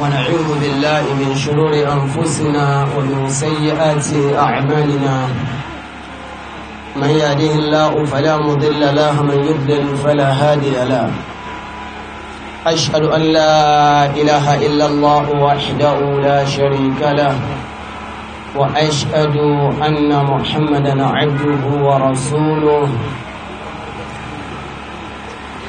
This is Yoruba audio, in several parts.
ونعوذ بالله من شرور أنفسنا ومن سيئات أعمالنا من يهده الله فلا مضل له من يضلل فلا هادي له أشهد أن لا إله إلا الله وحده لا شريك له وأشهد أن محمدا عبده ورسوله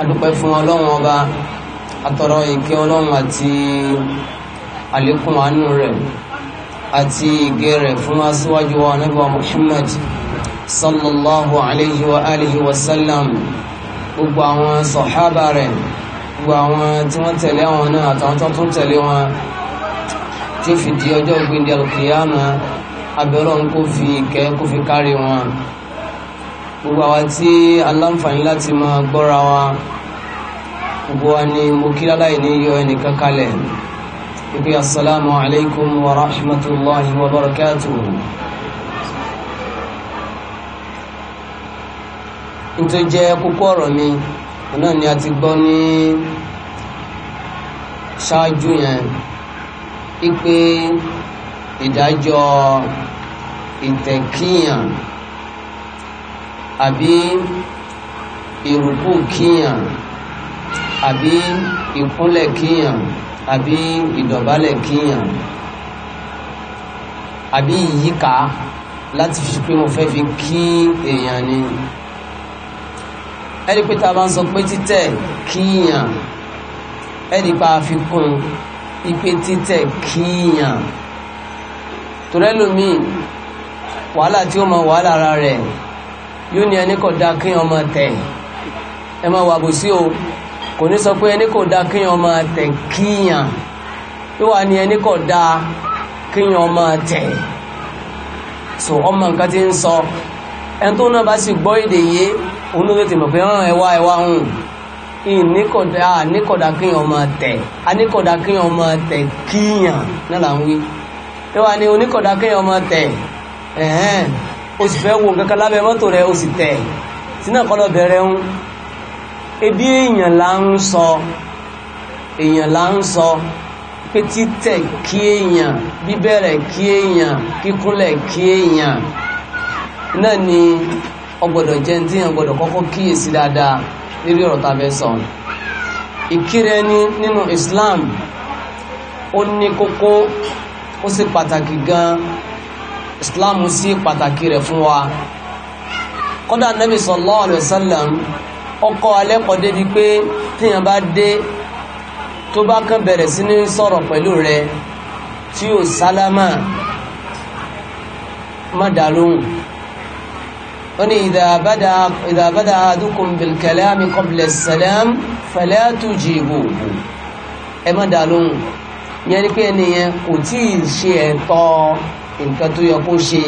adúpẹ́ fún ọlọ́run ọba atọ̀rọ̀ ìkẹ́ ọlọ́run àti àlékún àánú rẹ̀ àti ìgẹ́ rẹ̀ fún aṣíwájú wa Ànábì Muhammad sallallahu alayhi wa alihi wa sallam gbogbo àwọn sọ̀hábà rẹ̀ gbogbo àwọn tí wọ́n tẹ̀lé àwọn náà àtàwọn tó tún tẹ̀lé wọn tí ó fi di ọjọ́ ìgbìndì abẹ́rọ̀ ń kó fi ìkẹ́ kó fi kárí wọn gbogbo àwa tí aláǹfààní láti máa gbọ́ra wa gbogbo wa ni mo kí láláì ní yọ ẹnìkan kalẹ̀ ibi assalamu alaikum wa rahmatullahi wa barakatuhu nítorí jẹ́ kókó ọ̀rọ̀ mi náà ni a ti gbọ́ ní ṣáájú yẹn ipe ìdájọ́ ìtẹ̀kíyàn àbí ìrùkù kíyàn àbí ìkúnlẹ̀ kíyàn àbí ìdọ̀bálẹ̀ kíyàn àbí ìyíká láti fi pé mo fẹ́ fi kí èèyàn ni ẹni pé ta bá ń sọ pé títẹ̀ kíyàn ẹni pa àfikún ipe títẹ̀ kíyàn torẹ́lòmíì wàhálà tí ó mọ wàhálà ara rẹ̀ yóò ní ẹni kò kí ọmọ tẹ ẹ máa wà o kò ní sọ pé ẹni kò kí ọmọ tẹ kíyàn yóò wà ní ẹni kò kí ọmọ tẹ so ọmọ nǹkan ti ń sọ ẹni tó náà bá sì gbọ́ èdè yé òun ló pé ọ̀ràn ẹwà ẹwà hùn ọmọ ọmọ kíyàn náà là ń wí yóò wà ní ọmọ o sì fẹ́ wo nǹkan lábẹ́ mọ́tò rẹ o sì tẹ̀ sínú ọ̀kọ́lọ́ bẹ̀rẹ̀ ń ebi èèyàn là ń sọ èèyàn là ń sọ pé títẹ̀ kí èèyàn bíbẹ̀rẹ̀ kí èèyàn kíkúnlẹ̀ kí náà ni ọgbọ́dọ̀ jẹ́ tí èèyàn gbọ́dọ̀ kọ́kọ́ kíyèsí dáadáa lórí ọ̀rọ̀ Islam ó ní islam sí pàtàkì rẹ̀ fún wa kọ́dà nabi sallallahu alayhi wa sallam ọkọ̀ alẹ́kọ̀ọ́ débi pé tíyàn bá dé tó bá kàn bẹ̀rẹ̀ sí ní sọ̀rọ̀ pẹ̀lú rẹ̀ tí ó sálámà má dá lóhùn ó ní idha bada'a ahadukum bil kalami qabla as-salam fala tujibuhu ẹ má dá yẹn ni pé ẹni yẹn kò tí ì ṣe ẹ̀tọ́ nǹkan tó yẹ kó ṣe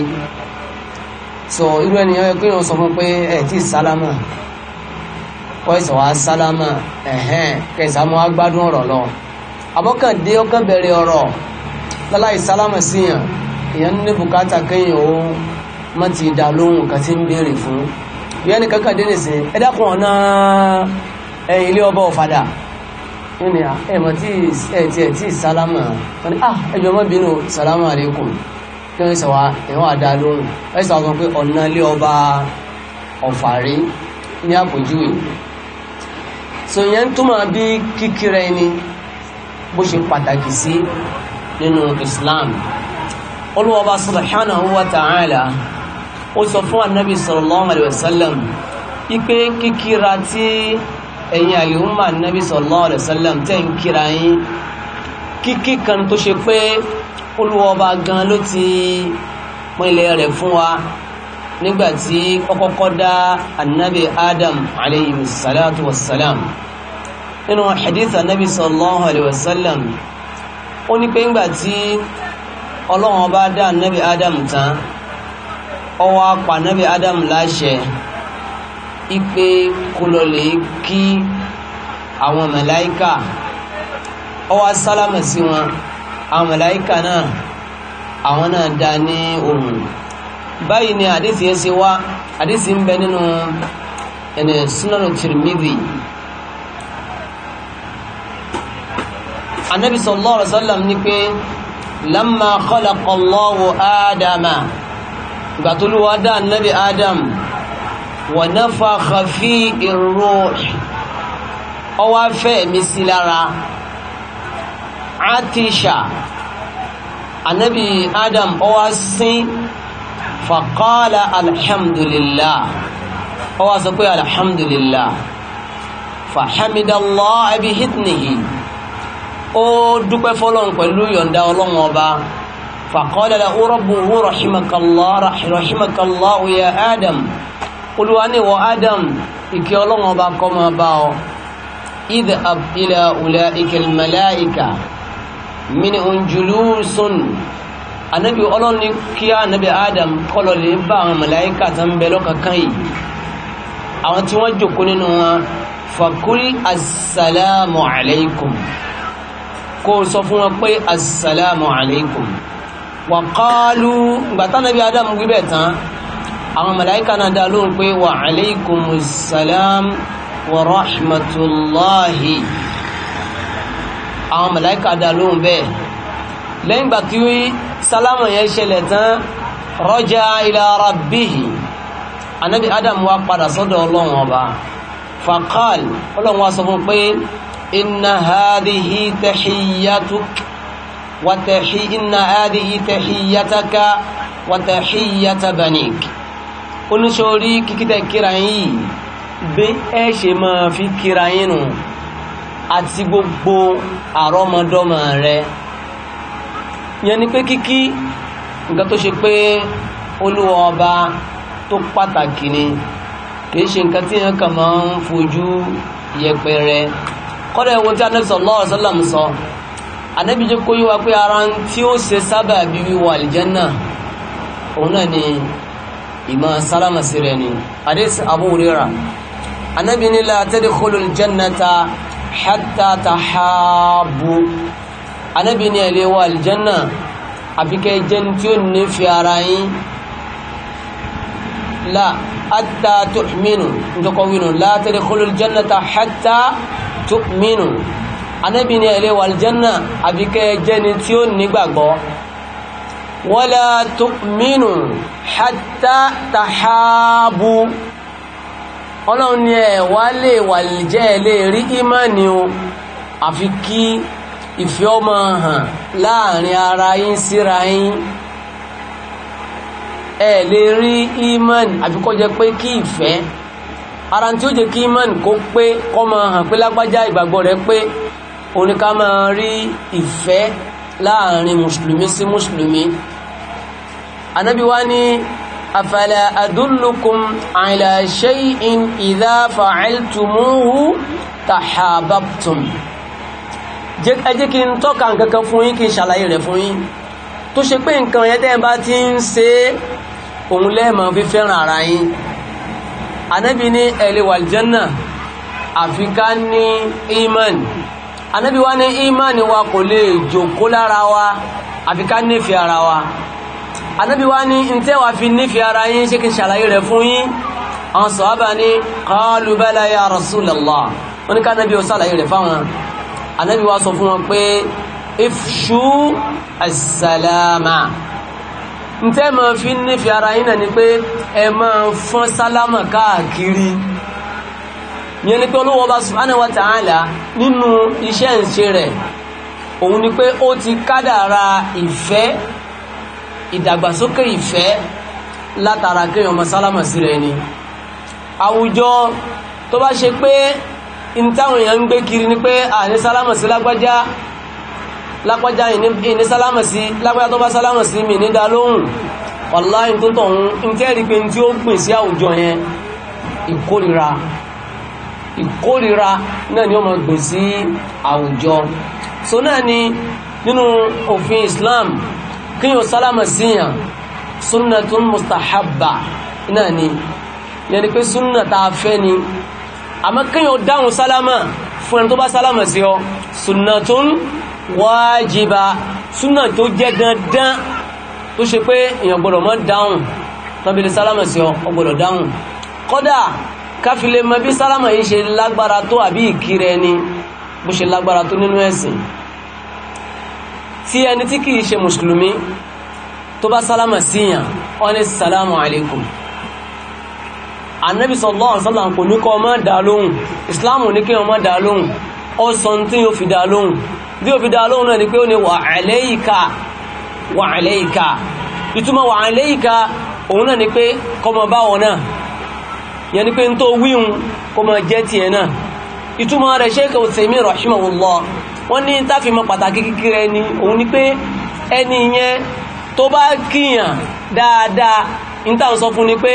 so irú ènìyàn yẹ kéèyàn sọ fún pé ẹ ti sálámà kọ́ ẹ̀sọ̀ wá sálámà ẹ̀hẹ́n kẹsà mọ́ agbádùn ọ̀rọ̀ lọ abọ́kàndé ọkàn bẹ̀rẹ̀ ọ̀rọ̀ láláì sálámà síyàn èèyàn ní bùkátà kéèyàn ó má ti dá lóhùn kan tí ń béèrè fún bí ẹnì kankan dé nìsín ẹ dákun ọ̀nà ilé ọba ọ̀fadà ní ni ẹ̀ mọ̀ tí ẹ̀ tí ẹ̀ tí sálámà wọn ni ah ẹjọ́ mọ́ bínú sálámà alaykum kí wọ́n sọ wa èèyàn wà dá lóhùn ẹ sọ wọn pé ọ̀nà ilé ọba ọ̀fàrí ní àpòjúwe so ìyẹn ń túmọ̀ bí kíkìrẹ́ ẹni bó ṣe pàtàkì sí nínú Islam olùwọ́ba subhanahu wa ta'ala ó sọ fún anabi sallallahu alayhi wa sallam ipe kíkìra tí ẹ̀yin àlèhùnmá anabi sallallahu alayhi wa sallam tẹ̀ ń kíra yín kíkì kan tó ṣe pé olúwa ọba gan ló ti pínlẹ̀ rẹ̀ fún wa nígbàtí ọkọ́kọ́ dá annabi adam alayhi salatu wassalam nínú hadith annabi sallallahu alayhi wasallam ó ní pé ńgbàtí ọlọ́run ọba dá annabi adam tán ó wá pa annabi adam láṣẹ ipe kúlọ̀lẹ̀ kí àwọn mẹ̀láíkà ó wá sálámẹ̀ sí wọn àwọn màláíkà náà àwọn náà dá ní ohùn báyìí ni àdìsí yẹn ṣe wá àdìsí ń bẹ nínú ẹni sunanu Tirmidhi anabi sallallahu alaihi wasallam ní pé lamma khalaqa Allahu ádámà ìgbà tó lù wá dá anabi ádám wa nafakha fi ir-ruh fẹ́ ẹ̀mí sí lára àtìṣà anabi adam ọwá sín fàkọ́lá alhamdulillah ọwá sọ pé alhamdulillah fàhámidàlá abihitnihi ó dúpẹ́ fọ́lọ́run pẹ̀lú yọ̀ǹda ọlọ́run ọba fàkọ́lá lọ́rọ̀bùhù rahimakallah ya adam olúwa ní wọ adam ìkẹ́ ọlọ́run ọba kọ́ máa bá ọ idh ab ila ulaika almalaika mini unjulusun anabi ọlọ́run ní kí anabi adam kọlọ̀ lè bá àwọn màláíkà tó ń bẹ lọ́kàkán yìí àwọn tí wọ́n jòkó nínú wọn fakul assalamu alaikum kó sọ fún wọn pé assalamu alaikum wa qalu gbàtà anabi adam wíbẹ̀ tán àwọn màláíkà náà dá lóhùn pé wa alaikumus salam wa rahmatullahi àwọn màláíkà dá lóhùn bẹ́ẹ̀ lẹ́yìn ìgbà tí sálámù yẹn ṣẹlẹ̀ tán rọ́jà ila rabbihi anabi adam wa padà sọ́dọ̀ ọlọ́run ọba faqal ọlọ́run wa sọ fún pé inna hadhihi tahiyyatuk wa oníṣòrí kíkítẹ̀ kíra yìí bí ẹ ṣe máa fi kíra yìí nù àti gbogbo àrọ́mọdọ́mọ rẹ yẹn ni pé kíkí nǹkan tó ṣe pé olúwa ọba tó pàtàkì ni kì í ṣe nǹkan tí yẹn kàn máa ń fojú yẹpẹrẹ kọ́dọ̀ ẹ̀wọ̀n tí anabi sallallahu alaihi wasallam sọ anabi jẹ́ kó yí wa pé ara tí ó ṣe sábà bí wíwọ àlìjánná òun náà ni ìmọ̀ sálámà rẹ̀ ni adé abu rira anabi ni la tadkhulul jannata hatta tahabu anábì ní ẹ̀lẹ́ wa aljanna àfikẹ́ jẹ́ tí ó ní fi ara yín la hatta tu'minu ntọ́kọ̀ wínú la tadkhulu aljannata hatta tu'minu anábì ní ẹ̀lẹ́ wa aljanna àfikẹ́ jẹ́ ni tí ó nígbàgbọ́ wala tu'minu hatta tahabu ọlọ́run ni ẹ̀ wá lè wà jẹ́ ẹ lè rí ìmánì o àfi kí ìfẹ́ ọmọ hàn láàrin ara yín síra yín ẹ lè rí ìmánì àfi kó jẹ́ pé kí ìfẹ́ ara tí ó jẹ́ kí ìmánì kó pé kó máa hàn pé lágbájá ìgbàgbọ́ rẹ̀ pé oníká máa rí ìfẹ́ láàrin mùsùlùmí sí mùsùlùmí anábíwá ní أفلا adullukum ala shay'in idha fa'altumuhu tahababtum jẹ́ kí n tọ́ka nǹkankan fún yín kí n ṣàlàyé rẹ̀ fún yín tó ṣe pé nǹkan yẹn tẹ́ bá ti ń ṣe òun lẹ́ẹ̀mọ́ fi fẹ́ràn ara yín anábì ní ẹ̀lẹ́ wàlìjẹ́nà àfi ní iman anábì wá ní iman wa kò lè jòkó lára wa àfi nífẹ̀ẹ́ ara wa anábi wá ní ntẹ́wà fi nífẹ̀ẹ́ ara yín ṣé kí n ṣàlàyé rẹ̀ fún yín àwọn sọ̀hábà ní qalu bala ya rasulallah wọ́n ní kánábi ó ṣàlàyé rẹ̀ fáwọn anábi wá sọ fún wọn pé ifṣu asalama ntẹ́ máa fi nífẹ̀ẹ́ ara yín náà ni pé ẹ máa fọ́n sálámà káàkiri yẹn ni pé olówó ọba subhanahu wa ta'ala nínú iṣẹ́ ìṣe rẹ̀ òun ni pé ó ti kádàra ìfẹ́ ìdàgbàsókè ìfẹ́ látara kéèyàn ọmọ sálámà sí rẹ̀ ni àwùjọ tó bá ṣe pé ní táwọn èèyàn ń gbé kiri ni pé àní sálámà sí lágbájá lágbájá ìní sálámà sí lágbájá tó bá sálámà sí mi ní dá lóhùn wàláhì tó tọ̀hún ń tẹ́rì pé tí ó gbìn sí àwùjọ yẹn ìkórira ìkórira náà ni ó máa gbìn sí àwùjọ so náà ni nínú òfin Islam kí yóò sálámà síyàn sunnatun mustahabba náà ni yẹn ni pé súnà tá a fẹ́ ni àmọ́ kí yóò dáhùn sálámà fún ẹni tó bá sálámà sí ọ sunnatun wájibà súnà tó jẹ́ dandan tó ṣe pé èèyàn gbọ́dọ̀ mọ́ dáhùn tọ́bílẹ̀ sálámà sí ọ ọgbọ́dọ̀ dáhùn kódà káfílẹ̀ mọ́ bí sálámà yìí ṣe lágbára tó àbí ìkírẹ ni bó ṣe lágbára tó nínú ẹ̀sìn tí ẹni tí kìí ṣe mùsùlùmí tó bá sálámà síyàn wọ́n ní sàlámù alaikum annabi sallallahu alaihi wasallam kò ní kọ́ ọmọ dá lóhùn islamu ní kí ọmọ dá lóhùn ó sọ tí yóò fi dá lóhùn bí ó fi dá lóhùn náà ni pé ó ní wà alayka wà alayka ìtumọ̀ wà alayka òun náà ni pé kọmọ bá wọn náà yẹn ni pé ń tó wọ́n ní táfi mọ pàtàkì kíkiri ẹni òun ni pé ẹni yẹn tó bá kíyàn dáadáa ní táwọn sọ fún ni pé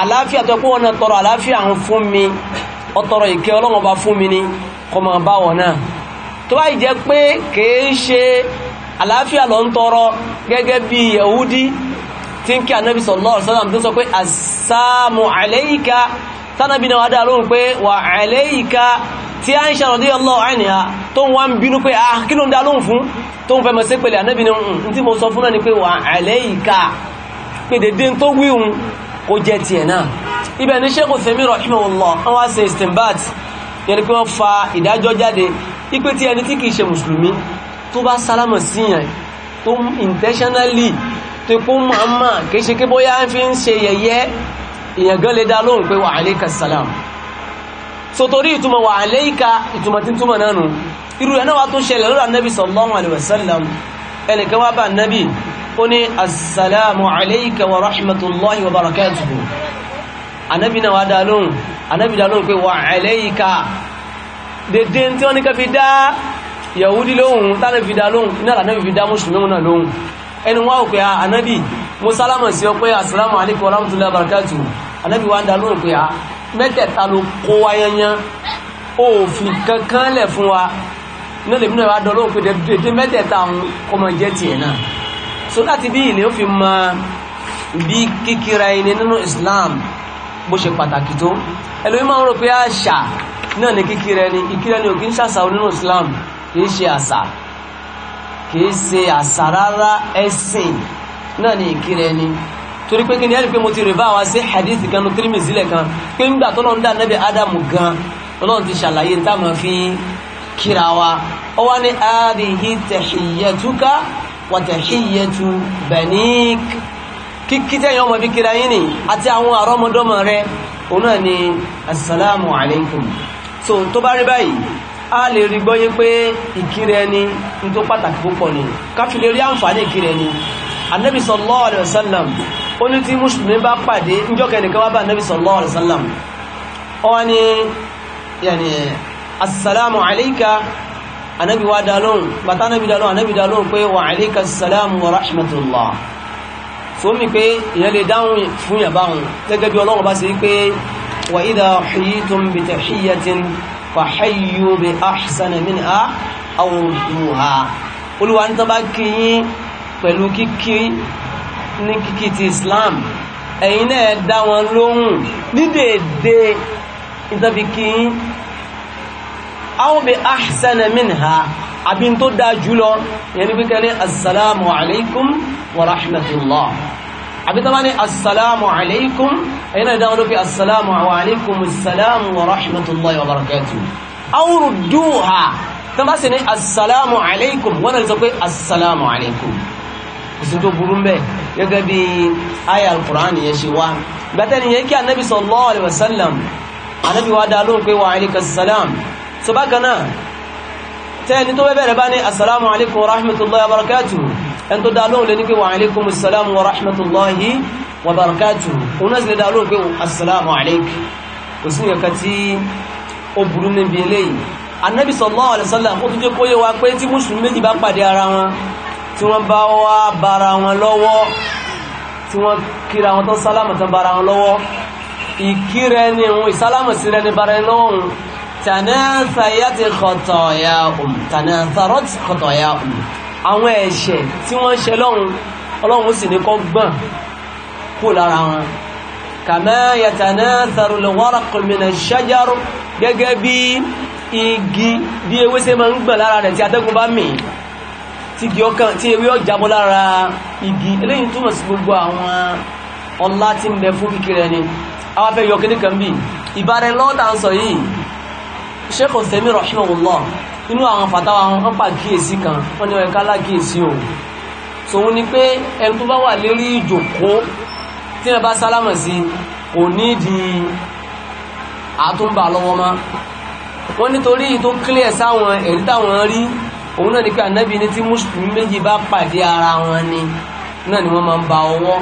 àlàáfíà tó pé náà tọrọ àlàáfíà ń fún mi ọtọrọ ìkẹ́ ọlọ́wọ́n fún mi ni kò máa bá wọn náà tó bá jẹ́ pé kìí ṣe àlàáfíà lọ ń tọrọ gẹ́gẹ́ bí yahudi tí ń kí anabi sọ pé alayka tánàbí náà wà wa alayka tí a ń ṣe radiyallahu anha tó wá ń bínú pé ah kí ló ń dá lóhùn fún tó ń fẹ́ mọ̀ sí pẹ̀lẹ̀ ànábì ni mm, n tí mo sọ fún náà ni pé wà alayka pé dédé tó wíhun kó jẹ́ tiẹ̀ náà ibẹ̀ ni Sheikh Uthaymin rahimahullah wọ́n wá ṣe istinbat yẹni pé wọ́n fa ìdájọ́ jáde ipe tí salam so torí ìtumọ̀ wà alayka ìtumọ̀ tí túmọ̀ náà nù irú ẹ̀ náà wá tún ṣẹlẹ̀ lórí anábì sallallahu alaihi wasallam ẹnìkan wá bá anábì ó ní assalamu alayka wa rahmatullahi wa barakatuhu anábì náà wá dá lóhùn anábì dá lóhùn pé wà alayka dédé tí fi dá yahudi lóhùn tánà fi dá lóhùn iná anábì fi dá mùsùlùmí náà lóhùn ẹni wá òpè anábì ah, mo sálámà sí ọ pé assalamu alayka wa rahmatullahi wa barakatuhu anábì wá dá lóhùn pé ah, mẹ́tẹ̀ẹ̀ta ló kó wáyányán òfin kankan lẹ̀ fún wa náà lèmi náà wá dán lóhùn pé dédé mẹ́tẹ̀ẹ̀ta àwọn kọmọ jẹ́ tiẹ̀ náà so láti bí ilé ó fi mọ bí kíkira ẹni nínú Islam bó ṣe pàtàkì tó ẹlòmí máa ń rò pé àṣà náà ni kíkira ẹni kíkira ẹni ò ń ṣàṣà nínú Islam kì í ṣe àṣà kì í ṣe àṣà rárá ẹ̀sìn náà ni ìkira ẹni torí pé kí ni ẹni mo ti rè bá wa sí hadith kan ní tírímì sílẹ̀ kan pé ńgbà tó lọ́n dá nẹ́bí ádámù gan ọlọ́run ti ṣàlàyé ní táwọn fi kíra wa ó wá ní àdìhí tẹ̀hìyẹtúká wà tẹ̀hìyẹtú bẹ̀ník kíkí tẹ́yìn ọmọ bí kíra yín ni àti àwọn àrọ́mọdọ́mọ rẹ òun náà ni assalamu alaikum so tó bá rí báyìí a lè rí gbọ́yé pé ìkíra ẹni ní tó pàtàkì púpọ̀ ni káfí rí àǹfààní ìkíra ẹni anabi sallallahu alaihi wasallam ó ní tí mùsùlùmí bá pàdé níjọ́kẹ́ nìkan wá bá nabi sallallahu alaihi wasallam ó wá ní yàní assalamu alayka anabi wa dalóhùn bàtà anabi dalóhùn anabi dalóhùn pé wa alayka assalamu wa rahmatullah sómi pé ìyẹn lè dáhùn fún yàbá hùn gẹ́gẹ́ bí ọlọ́run bá sì rí pé wa olúwa ń tán bá pẹ̀lú kíkí ní kíkí ti Islam ẹ̀yin náà dá wọn lóhùn dídèdè ìtàbíkì àwọn bí ahsana minha àbí tó dá jùlọ yẹni bí kẹrẹ assalamu alaikum wa rahmatullah àbí tó bá ní assalamu alaikum ẹ̀yin náà dá wọn lóhùn assalamu alaikum assalamu wa rahmatullah wa barakatuh àwọn rùdúhà tó bá sì ní assalamu alaikum wọ́n náà sọ pé assalamu alaikum kò sí tó burú mẹ́ẹ̀ gẹ́gẹ́ bí aya al-Qur'an yẹn ṣe wá gbàtẹ́ni yẹn kí anabi sallallahu alayhi wa sallam anabi wa dá lóhùn pé wa alayka salam so bákan náà tẹ́ni tó bẹ̀rẹ̀ bá ní assalamu alaikum rahmatullahi wa barakatuhu ẹn tó dáadọ́ lè ní pé wa alaikum assalamu wa rahmatullahi wa barakatuhu òun náà sì lè dáadọ́ pé assalamu jẹ́ kó wa pé tí mùsùlùmí méjì pàdé ara wọn tí wọ́n bá wá bára wọn lọ́wọ́ tí wọ́n kíra wọn tó sálámà tán bára wọn lọ́wọ́ ìkírẹ ni òun ìsálámà sí rẹ ní bára ẹni lọ́wọ́ òun tànáàtà yá ti kọ̀tọ̀ ya òun tànáàtà rọ́ ti kọ̀tọ̀ ya òun àwọn ẹ̀ṣẹ̀ tí wọ́n ṣe lọ́hun ọlọ́run sì ní kọ́ gbọ̀n kú lára wọn kàmẹ́ yàtàná sàrùlẹ̀wọ́rọ̀kùn mìíràn ṣájárò gẹ́gẹ́ bí igi bí ewé ṣe máa ń gbọ̀n lára rẹ̀ tí atẹ́gùn bá mìí tí igi ọkàn tí ewé ọjàbọ́ lára igi eléyìí túnmọ̀ sí gbogbo àwọn ọlá tí ń bẹ fún kíkiri ẹni àwọn afẹ́ yọ kíní kan bí ìbára lọ́ọ̀tà ń sọ yìí Sheikh Usaimin rahimahullah inú àwọn fàtàwà wọn pa kíyèsí kan wọn ni ẹ̀ka lákíyèsí o sòun ni pé ẹni tó bá wà lérí ìjòkó tí ẹ bá sálámà sí kò ní di àtúnbà lọ́wọ́ mọ́ wọ́n nítorí tó kílẹ̀ sáwọn ẹ̀rí táwọn rí òun náà ni pé ànábì ní tí mùsùlùmí méjì bá pàdé ara wọn ni náà ni wọ́n máa ń ba ọwọ́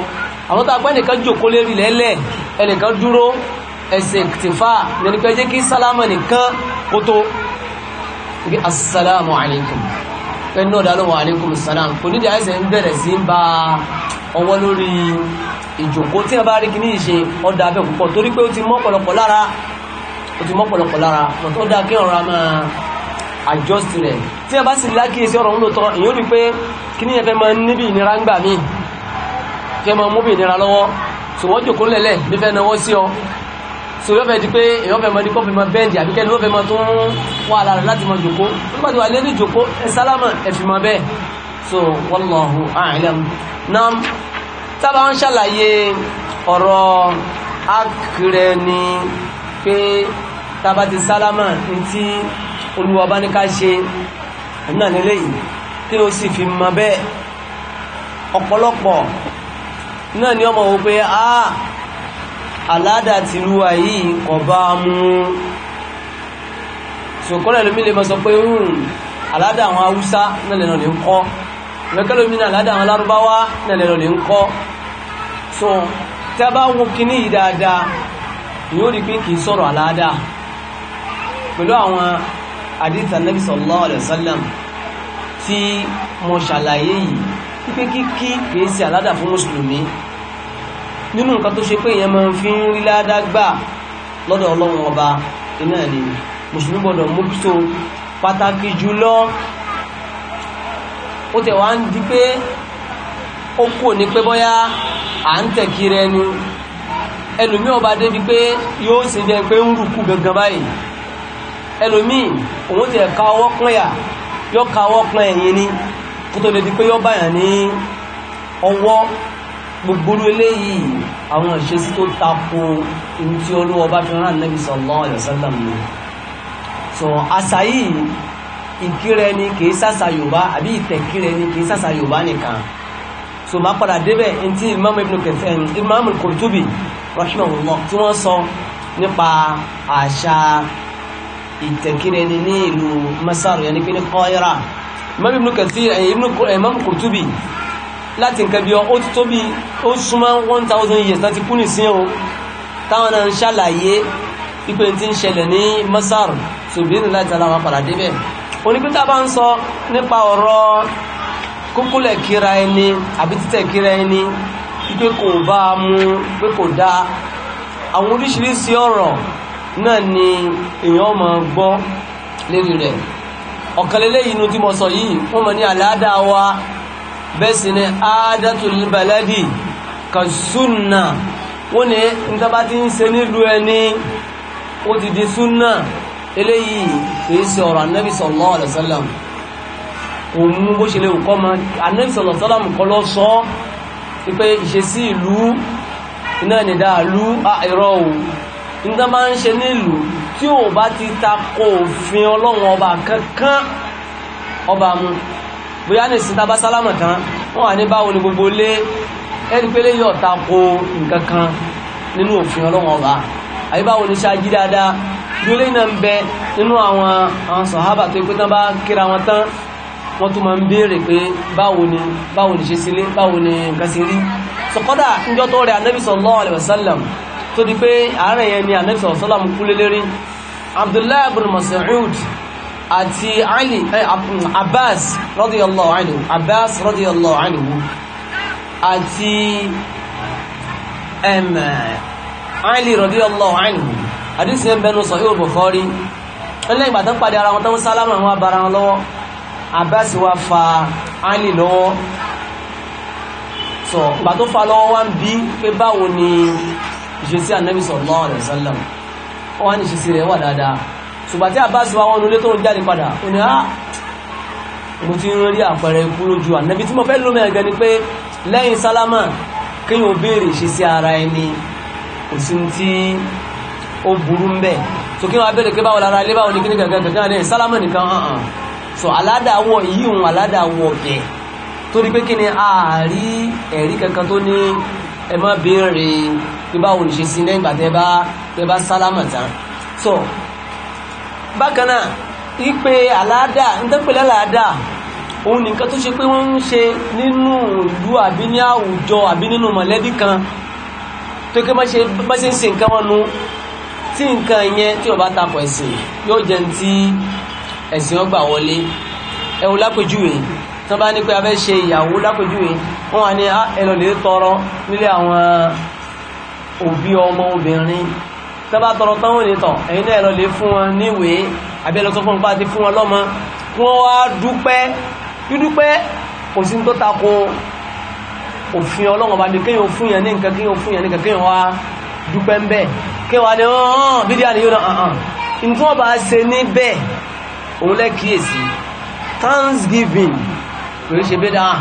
àwọn tó agbẹ́ nìkan jòkó lérí lẹ́lẹ̀ ẹnìkan dúró ẹsẹ̀ tìfà nìkan jẹ́ kí sálámà nìkan kó tó bí assalamu alaykum. ẹni náà dálọ́wọ́ alaykum salam kò nídìí àìsẹ̀ ń bẹ̀rẹ̀ sí ń ba ọwọ́ lórí ìjòkó tí a bá rí kí ní ìṣe ọ̀dà abẹ́ púpọ̀ torí pé ó ti mọ́ pọ̀lọpọ̀ lára ó ti mọ́ pọ̀lọpọ̀ lára ó dá kí ọ̀rọ̀ a máa adjust rẹ̀ tí a bá sì lákìísí ọ̀rọ̀ ń lò tọ́ èyí ó rí pé kí ní ẹfẹ́ máa níbi ìnira ń gbà mí fẹ́ máa mú bí ìnira lọ́wọ́ so wọ́n jòkó lẹ̀lẹ̀ bí fẹ́ náwó sí ọ so yọ́ fẹ́ di pé èyàn fẹ́ máa di kọ́fẹ́ máa bẹ́ẹ̀dì àbí kẹ́ni wọ́n fẹ́ máa tún wà lára rẹ̀ láti máa jòkó nígbà tí wà lé ní jòkó ẹ sálámà ẹ fi máa bẹ́ẹ̀ so wallahu a'lam nam tábà ń ṣàlàyé ọ̀rọ̀ akirẹ pé tábà ti sálámà ní tí olúwa bá ní ká ṣe ẹ̀nà nílé yìí tí ó sì fi mọ bẹ́ẹ̀ ọ̀pọ̀lọpọ̀ náà ni ọmọ wípé a àládà tìlúwa yìí kò bá mú ṣòkọ́lẹ̀ lómi lè mọ́ sọ pé ń àládà àwọn haúsá náà lẹ́nà lè ń kọ́ ìrẹ́kẹ́lómi náà àládà àwọn lárúbáwá náà lẹ́nà lè ń kọ́ so tí bá wo kíní yìí dáadáa ni ó rí pé kì í sọ̀rọ̀ àládà pẹ̀lú àwọn àdìsí anabi sallallahu alayhi wa sallam tí mo ṣàlàyé yìí pípé kíkí kìí ṣe àládà fún mùsùlùmí nínú nǹkan tó ṣe pé èèyàn máa ń fi ń rí ládágbà lọ́dọ̀ ọlọ́run ọba iná ni mùsùlùmí gbọ́dọ̀ mójútó pàtàkì jùlọ ó tẹ̀ wá ń di pé ó kò ní pé bọ́yá à ń tẹ̀ kiri ẹni ẹlòmí ọba débi pé yóò ṣe jẹ́ pé ń rùkú gangan báyìí ẹlòmíì òun ti ẹ̀ka ọwọ́ pín yà yọ ka ọwọ́ pín ẹ̀yìn ni kó tó lè di pé yọ báyàn ní ọwọ́ gbogbo eléyìí àwọn ìṣesí tó tako ohun tí olúwa bá fi rán Nabi sallallahu alaihi wasallam ni so àṣà yìí ìkírẹ ni kìí sàṣà yorùbá àbí ìtẹ̀kírẹ ni kìí sàṣà yorùbá nìkan so máa padà débẹ̀ ntí imam ibn kẹfẹ́ imam Qurtubi rahimahullah tí wọ́n sọ nípa àṣà ìtẹ̀kiri ni ní ìlú masaru yẹn ni pé ní kọ́ira imam ibn kathir eh, ibn eh, imam kurtubi láti nǹkan bí ó ti 1000 years láti kú nìsín o táwọn náà ń ṣàlàyé ipò tí ń ṣẹlẹ̀ ní masaru ṣùgbọ́n ní láti aláwọ̀ padà débẹ̀ onípítà bá ń sọ nípa ọ̀rọ̀ kúkúlẹ̀ kíra ẹni àbí títẹ̀ kíra ẹni pé kò bá a mú pé kò dáa àwọn oríṣiríṣi náà ni èèyàn máa gbọ́ lérí rẹ̀ ọ̀kànlélẹ́ yìí inú tí mo sọ yìí wọ́n mọ̀ ní àládà wa bẹ́ẹ̀ sì ni áádátùl baladi kàṣúnà wọ́n ní nítabá ti ń ṣe nílùú ẹni ó ti di súnà eléyìí kìí ṣe ọ̀rọ̀ anábì sallallahu alaihi wasallam òun mú bó ṣe lè kọ́ ma anábì sallallahu alaihi wasallam kọ́ lọ sọ pé ìṣesí ìlú iná ìdá ìlú àìrọ̀ òun nígbà máa ń ṣe nílùú tí ò bá ti ta ko òfin ọlọ́run ọba kankan ọba mu bóyá ní ìsìn tábá sálámà tán wọn wà ní báwo ni gbogbo lé ẹni pélé yóò ta ko nǹkan kan nínú òfin ọlọ́run ọba àyè báwo ni ṣáájí dáadáa bí olóyìn náà ń bẹ nínú àwọn àwọn sàhábà tó pé tán bá kíra wọn tán wọ́n tún máa ń béèrè pé báwo ni báwo ni ṣe sílé báwo ni nǹkan sí rí sọkọ́dà níjọ́ tó rẹ̀ anábì sallallahu alaihi tó di pé àárẹ̀ yẹn ni anabi sọ̀rọ̀ sọ́lá mu kú lélẹ́rí abdullahi ibn mas'ud àti ali eh, abbas radiyallahu anhu abbas radiyallahu anhu àti ali radiyallahu anhu àdìsí ẹ̀ ń bẹnu sahih bukhari ilé ìgbà tó pàdé ara wọn tó ń sálámà wọn abara wọn lọ́wọ́ abbas wa fa ali lọ́wọ́ sọ ìgbà tó fa lọ́wọ́ wá bí pé báwo ni ìṣesí ànábì sallallahu alaihi wasallam wọ́n ní ìṣesí rẹ̀ wà dáadáa ṣùgbọ́n tí Abbas wá wọn lólé tó ń jáde padà ó ní á ah, mo ti ń rí àpẹẹrẹ ikú lójú ànábì tí mo fẹ́ lómi ẹ̀gẹ́ ni pé lẹ́yìn sálámà kéèyàn béèrè ìṣesí ara ẹni kò sí tí ó burú ń bẹ̀ so kí wọ́n abẹ́rẹ́ pé báwo lára ilé báwo ni kí ni gàgà gàgà ní sálámà nìkan hàn án so aládàáwọ̀ yìí òun aládàáwọ̀ ọ̀gẹ̀ torí pé kí ni ààrí ẹ̀rí kankan tó ní ẹ má béèrè pé báwo lè ṣe sí lẹ́yìn ìgbà tẹ́ bá tẹ́ bá sálámà tán so bákan náà ìpè àláàdà ntẹ́pẹ̀lẹ́ àláàdà òun nìkan tó ṣe pé wọ́n ń ṣe nínú ìlú àbí ní àwùjọ àbí nínú mọ̀lẹ́bí kan tó ké bá ṣe ń ṣe nǹkan wọn nu tí nǹkan yẹn tí wọ́n bá tapọ̀ ẹ̀sìn yóò jẹun tí ẹ̀sìn ọgbà wọlé ẹ̀wù lápèjúwe tí wọ́n bá ní pé a ṣe ìyàwó lápèjúwe wọ́n wà ní ah, ẹlọ́lẹ̀ tọrọ nílé àwọn òbí ọmọ obìnrin tọ́bá tọrọ tánwò ní tọ̀ ẹ̀yin náà lọ lè fún wọn níwèé àbẹ́lọ tó fún wọn bá ti fún wọn lọ́mọ wọ́n wá dúpẹ́ dúdúpẹ́ kò sí tó tako òfin ọlọ́wọ́n bá ní kéyàn fún yẹn ní nǹkan kéyàn fún yẹn ní nǹkan kéyàn wá dúpẹ́ ń bẹ́ẹ̀ kéwàá ní ọ̀hán bídí àníyàn náà hàn ní tí wọ́n bá ṣe ní bẹ́ẹ̀ òun lẹ́kìyèsí thanksgiving kò ní ṣe bẹ́ẹ̀ dáa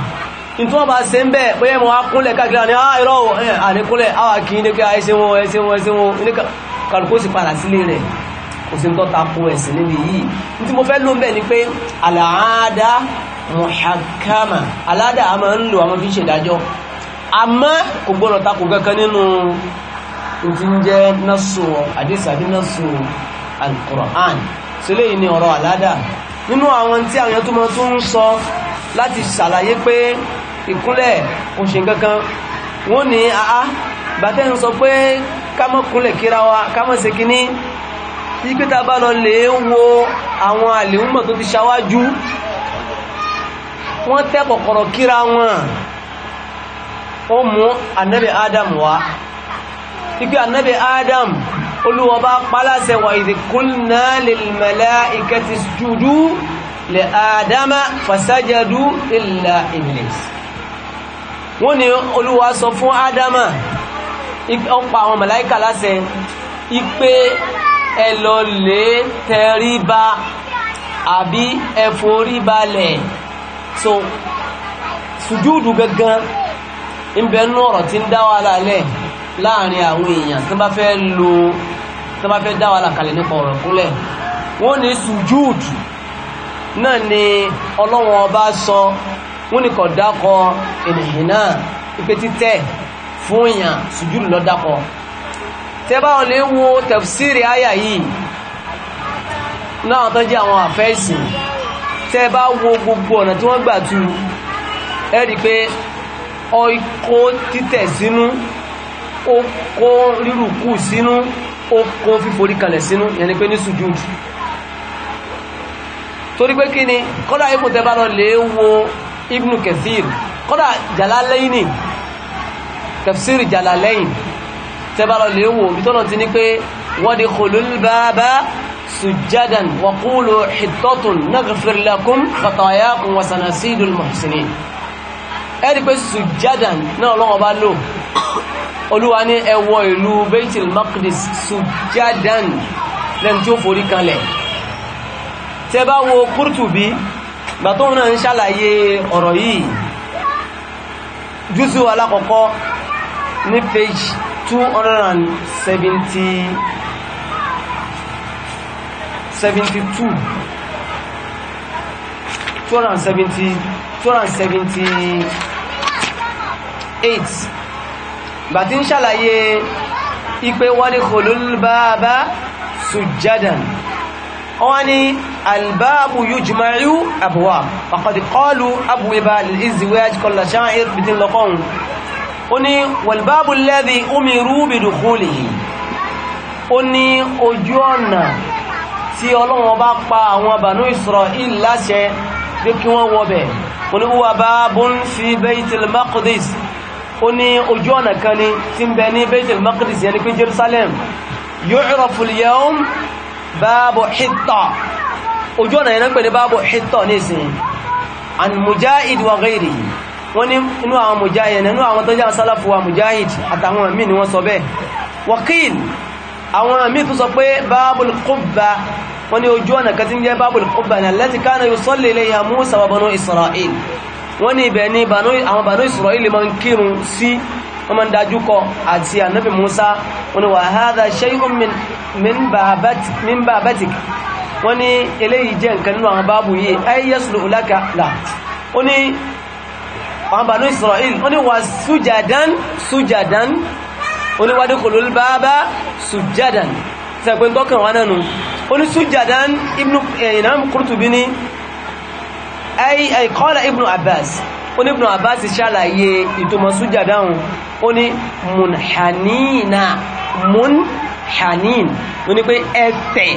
tí wọ́n bá ṣe ń bẹ̀ bóyá mọ̀ wá kúnlẹ̀ káàkiri àní àìrọ̀ ah, àníkúnlẹ̀ àwà ah, kí ní pé àìsí wọn ẹsẹ wọn ẹsẹ wọn ní kàlùkù sì padà sílé rẹ̀ kò sí tó takun ẹ̀sìn níbi yìí ní tí mo fẹ́ ló ń bẹ̀ ni pé àlàáda muhakama aláàdá a máa ń lò àwọn fi ṣèdájọ́ àmọ́ kò gbọ́dọ̀ takò kankan nínú ìdí ń jẹ́ násù àdìsí àbí násù alukur'an sílé yìí ni ọ̀rọ̀ àlàáda nínú àwọn tí àwọn tó máa tún ń sọ láti ṣàlàyé pé ìkúnlẹ̀ oṣù kankan wọ́n ní àá bàtẹ́ ń sọ pé ká má kúnlẹ̀ kíra wa ká má ṣe kíní tí pé ta bá lọ lè wo àwọn àlèúmọ̀ tó ti ṣáwájú wọ́n tẹ́ kọ̀kọ̀rọ̀ kíra wọn ó mú ànábì Adam wá ipe ànábì Adam Olúwa bá wà idh qulna lil malaikati isjudu Adama fasajadu illa Iblis wọ́n ní olúwa sọ fún ádámà ọpa àwọn màláíkà láṣẹ ipé ẹ lọ lè tẹríba àbí ẹ so sùjúùdù gangan ìbẹ̀ nú ọ̀rọ̀ tí ń dá wa lálẹ̀ láàrin àwọn èèyàn tí wọ́n bá fẹ́ lo tí wọ́n bá fẹ́ dá wa nípa ọ̀rọ̀ kúnlẹ̀ wọ́n ní sùjúùdù náà ni ọlọ́wọ́n ọba sọ wọ́n ní kọ̀ dákọ̀ ìnìyànà ipe títẹ̀ fún èèyàn sùjúdù lọ dákọ̀ tẹ́bá wọn lè wo tafsiri àyà yìí náà tán jẹ́ àwọn àfẹ́sì tẹ́bá wo gbogbo ọ̀nà tí wọ́n gbà tu ẹ rí pé ọkọ̀ títẹ̀ sínú ọkọ̀ rírùkù sínú ọkọ̀ fíforí kalẹ̀ sínú yẹn pé ní sùjúdù torí pé kí ni kọ́lá ikùn tẹ́bá lọ lè wo ibn kathir kọ́dà jalalaini tafsir jalalaini tẹbàrọ lè wò bí tọ́nà ti ní pé wadkhulul baba sujjadan wa qulu hittatun naghfir lakum khatayakum wa sanasidul muhsinin ẹ̀rí pé sujjadan náà lọ́wọ́ bá lò olúwa ní ẹ wọ ìlú baitul maqdis sujjadan lẹ́nu tí ó forí kanlẹ̀ tẹ bá wo gbàtó náà ń ṣàlàyé ọ̀rọ̀ yìí júùsù alákọ̀ọ́kọ́ ní page 270 72 270 278 bàtí ń ṣàlàyé ipe wọ́n ní kòlúlbàbá sùjádàn wọ́n ní albaabu yujma'u abwaab faqad qalu abwaba al-izwaj kulla sha'ir bìtì lọ́kọ́hùn ó ní walbaabu alladhi umiru bidukhulihi ó ní ojú ọ̀nà tí Ọlọ́run bá pa àwọn Banu Isra'il láṣẹ pé kí wọ́n wọbẹ̀ ó ní huwa baabun fi baytil maqdis ó ní ojú ọ̀nà kan ni tí ń bẹ ní baytil maqdis yẹn pé Jerusalem yu'rafu al-yawm báàbù hìtọ̀ ojú ọ̀nà yẹn pẹ̀lú báàbù hìtọ̀ ní ìsìn an mujahid wa gairi wọ́n ní inú àwọn mujahid inú àwọn tó jẹ́ sálàfù wa mujahid àtàwọn míì ni wọ́n sọ bẹ́ẹ̀ wakil àwọn míì tó sọ pé báàbù kúbà wọ́n ní ojú ọ̀nà kàtí jẹ́ báàbù kúbà ní alẹ́tí kánà yusalli ilayha wọ́n máa ń dájú kọ àti ànábì Musa wọ́n ní wa hadha shay'un min ba'batik wọ́n ní eléyìí jẹ́ nǹkan nínú àwọn báàbù yìí ay yaslu laka là wọ́n ní àwọn Banu Isra'il wọ́n ní wa sujadan sujadan wọ́n ní wadkhulul baba sujadan sẹ́gbẹ́ tọ́kàn wá nánu wọ́n ní sujadan ibnu ẹ̀yìnà eh, Qurtubi ní ay qala ibnu Abbas oníbùnà Abbas ṣàlàyé ìtumọ̀ sujada dáhùn ó ní munhanina munhanin ó ní pé ẹ̀tẹ̀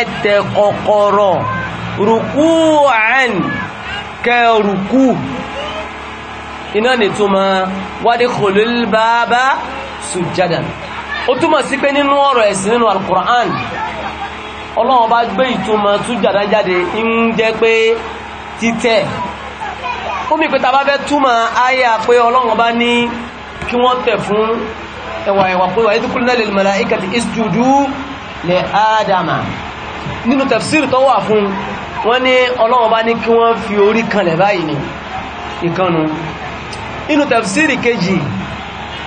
ẹ̀tẹ̀ kọ̀kọ̀rọ̀ rùkú àn kẹrùkú iná nìtumọ̀ wadkhulul baba sujadan ó túmọ̀ sí pé nínú ọ̀rọ̀ ẹ̀sìn nínú al-Qur'an bá gbé ìtumọ̀ sujada jáde ń jẹ́ pé títẹ̀ ó mi pé ta bá fẹ́ túmọ̀ àyà pé ọlọ́run bá ní kí wọ́n tẹ̀ fún ẹwà ẹwà pé wàá ìdíkùn náà lil malaikati isjudu li ádámà nínú tafsir tó wà fún wọ́n ní ọlọ́run bá ní kí wọ́n fi orí kanlẹ̀ báyìí ni ìkànnù nínú tafsir kejì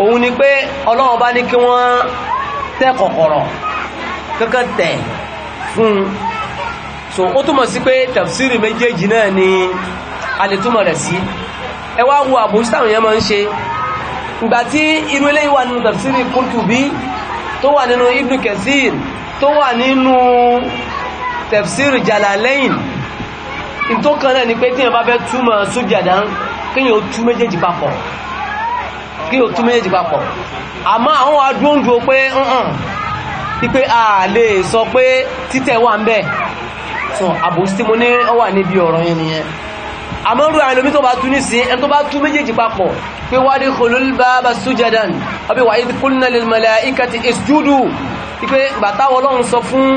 òun ni pé ọlọ́run bá ní kí so ó túmọ̀ sí pé tafsir ni a lè túmọ̀ rẹ̀ sí ẹ wá wo àbòsí táwọn èèyàn máa ń ṣe ìgbà tí irú eléyìí wà nínú tafsiri Qurtubi tó wà nínú Ibn Kathir tó wà nínú tafsiri Jalalayn tó kan náà ni pé tí èèyàn bá fẹ́ túmọ̀ Sujadan kéèyàn ó tú méjèèjì papọ̀ kí o tún méjèèjì papọ̀ àmọ́ àwọn adúndò pé ǹkan ipé a lè sọ pé títẹ̀ wà ń bẹ̀ so àbòsí tí mo ní ó wà níbi ọ̀rọ̀ yẹn nìyẹn àmọ́rú àwọn ẹlòmí tó bá tú nísìn ẹn tó bá tú méjèèjì papọ̀ pé wá dé kòlúlù bá bá sújẹ́dàn ọbí wà ìdí kúnnà lil malaikati isjudu ipé bàtàwọ̀ lọ́run sọ fún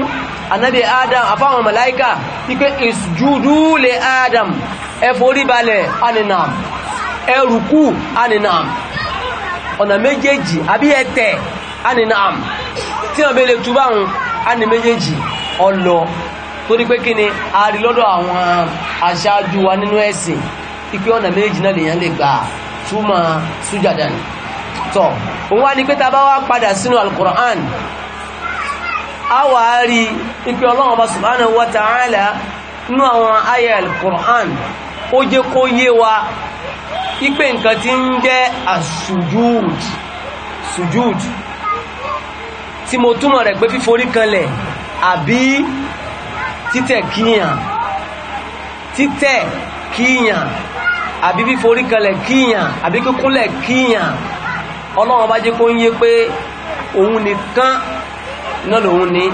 anábì adam àfáwọn màláíkà ipé isjudu lè adam ẹforí balẹ̀ ẹrùkú aninam ọ̀nà méjèèjì torí pé kí ni a rí lọ́dọ̀ àwọn aṣáájú wa nínú ẹ̀sìn ipe ọ̀nà méjì náà lèèyàn lè gbà túmọ̀ sùjàdà ni tọ̀ òun wá ní pé tá a bá wá padà sínú alukur'an a wà á rí ipe ọlọ́run ọba subhanahu wa ta'ala nínú àwọn ayé alukur'an ó jẹ́ kó yé wa ipe nǹkan tí ń jẹ́ asujud sujud tí mo túmọ̀ rẹ̀ pé fíforí kanlẹ̀ àbí títẹ̀ kíyàn títẹ̀ kíyàn àbí fíforí kalẹ̀ kíyàn àbí kíkúnlẹ̀ kíyàn ọlọ́run bá jẹ́ kó ń yé pé òun nìkan náà lòun ní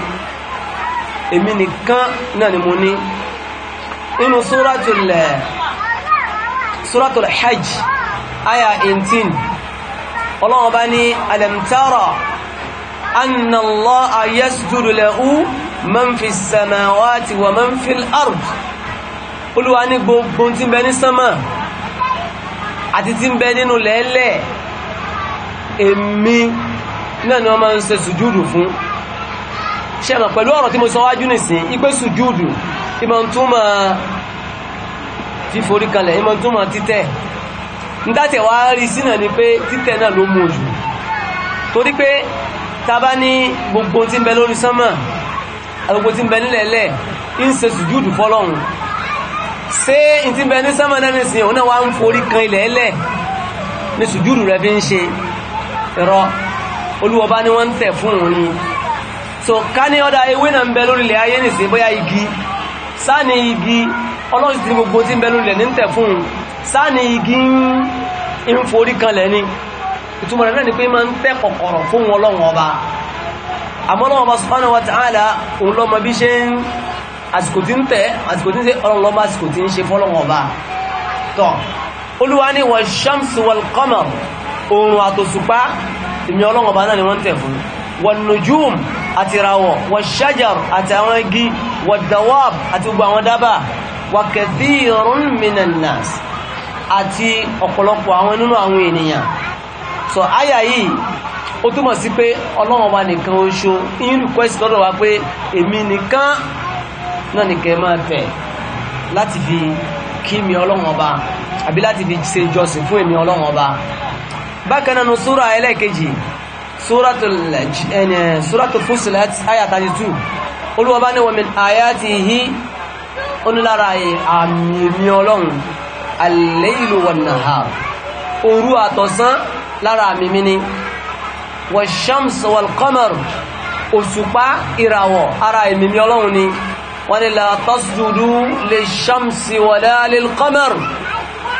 èmi nìkan náà ni mo ní inú suratul suratul hajj aya 18 ọlọ́run bá ní alam tara anna Allaha yasjudu lahu man fi samawati wa man fi al-ard olúwa ní gbogbo tí ń bẹ ní sánmà àti tí ń bẹ nínú lẹ́lẹ̀ èmi náà ni wọ́n máa ń ṣe sùjúdù fún ṣẹ́mà pẹ̀lú ọ̀rọ̀ tí mo sọ wájú nìsín ipé sùjúdù ìmọ̀ túnmọ̀ fíforí kalẹ̀ ìmọ̀ títẹ̀ ń wá rí sínà ni pé títẹ̀ náà ló mú jù torí pé tá gbogbo tí ń bẹ lórí sánmà àgbogbo tí ń bẹ nílẹ̀ lẹ̀ ń ṣe sùjúdù fọ́lọ́run ṣé n ti bẹ ní sẹ́mọ̀ náà nìsín òun náà wá ń forí kan ilẹ̀ lẹ̀ ní sùjúdù rẹ̀ fi ń ṣe ẹ̀rọ olúwọba ni wọ́n ń tẹ̀ fún òun ni so ká ní ọ̀dà ewé náà ń bẹ lórí ilẹ̀ ayé nìsín bóyá igi sáà ní igi ọlọ́run ti gbogbo tí ń bẹ lórí ilẹ̀ ní ń tẹ̀ fún òun sáà igi ń forí kan lẹ̀ ni ìtumọ̀ rẹ̀ náà ni pé máa ń tẹ́ kọ̀kọ̀rọ̀ fún ọlọ́run ọba àmọ́lọ́wọ́ bá subhanahu wa ta'ala òun lọ́mọ bí ṣe ń àsìkò tí ń tẹ̀ àsìkò tí ń ṣe ọlọ́run lọ́mọ àsìkò tí ń ṣe fọ́lọ́wọ́ bá tọ́ olúwa ní wal shamsi wal qamar oòrùn ìmì ọlọ́run náà ni wọ́n tẹ̀ fún wan nujum àti ìràwọ̀ wash shajar àti àwọn igi wad dawab àti gbogbo àwọn dábà wa kathirun minan nas àti ọ̀pọ̀lọpọ̀ àwọn nínú àwọn ènìyàn ó túmọ̀ sí pé ọlọ́run wa nìkan oṣù in request lọ́dọ̀ wa pé èmi nìkan náà nìkan máa tẹ̀ láti fi kí mi ọlọ́run ọba àbí láti fi ṣe ìjọsìn fún èmi ọlọ́run ọba bákan náà sóra ẹlẹ́ẹ̀kejì sóràtò fúsìlẹ̀t ayàtàjì 2 olúwa bá ní wọ́n min ayatihi onílára àmì èmi ọlọ́run al-laylu wan-nahar òru àtọ̀sán lára àmì mi ni والشمس والقمر òṣùpá ìràwọ̀ ara ìmìmí ọlọ́run ni wọ́n ni la tasjudu lish-shamsi wala lil-qamar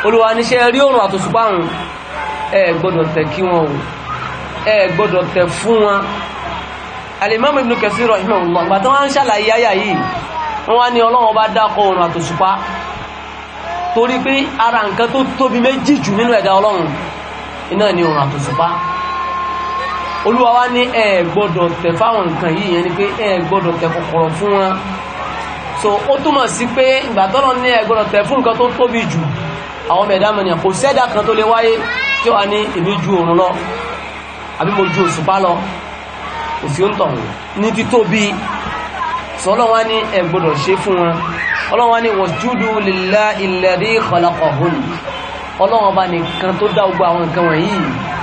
olùwà níṣẹ́ rí òrùn àtòṣùpá hùn ẹ gbọ́dọ̀ tẹ̀ kí wọn o ẹ gbọ́dọ̀ tẹ̀ fún wọn al-Imam Ibn Kathir rahimahullah gbà tó wá ń ṣàlàyé ayà yìí wọ́n wá ní ọlọ́run bá dákọ̀ òrùn àtòṣùpá torí pé ara nǹkan tó tóbi méjì jù nínú ẹ̀dá ọlọ́run iná ni òrùn àtòṣùpá olúwa wá ní ẹ gbọ́dọ̀ tẹ̀ fáwọn nǹkan yìí yẹn ni pé ẹ gbọ́dọ̀ tẹ̀ kọ̀kọ̀rọ̀ fún wọn so ó túmọ̀ sí pé ìgbà tọ́lọ́ ní ẹ gbọ́dọ̀ tẹ̀ fún nǹkan tó tóbi jù àwọn ọmọ ẹ̀dá mọ̀nìyàn kò sẹ́dá kan tó lè wáyé tí wàá ní èmi ju òrùn lọ àbí mo ju òṣùpá lọ òsì ń tọ̀hún ní títóbi sọ ọlọ́run wá ní ẹ gbọ́dọ̀ ṣe fún wọn ọlọ́run wá ní wasjudu lillahi alladhi khalaqahun ọlọ́run ọba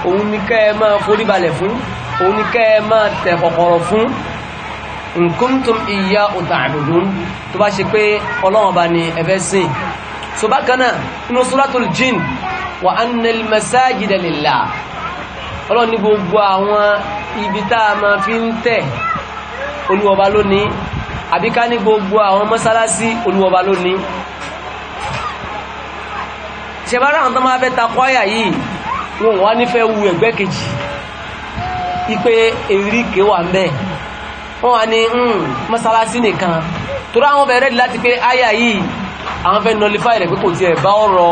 òun ni kẹ́ ẹ máa foríbalẹ̀ fún òun ni kẹ́ ẹ máa tẹ̀ kọ̀kọ̀rọ̀ fún in kuntum iyyahu ta'budun tó bá ṣe pé ọlọ́run ọba ni ẹ fẹ́ sìn so bákan náà inú suratul jinn wa anna al-masajida lillah ọlọ́run ní gbogbo àwọn ibi tá a máa fi ń tẹ̀ olúwọba lónìí àbí ká ní gbogbo àwọn mọ́sálásí olúwọba lónìí ṣe bá tó máa fẹ́ takọ́ àyà yìí wọn wá nífẹ̀ẹ́ wu ẹ̀gbẹ́ kejì ipe eríkè wà ń bẹ́ẹ̀ wọ́n wá ní hmm, mọ́sálásí nìkan torí àwọn bẹ̀rẹ̀ láti pé àyà yìí àwọn fẹ́ nọlifáì rẹ̀ pé kò tiẹ̀ bá ọ̀rọ̀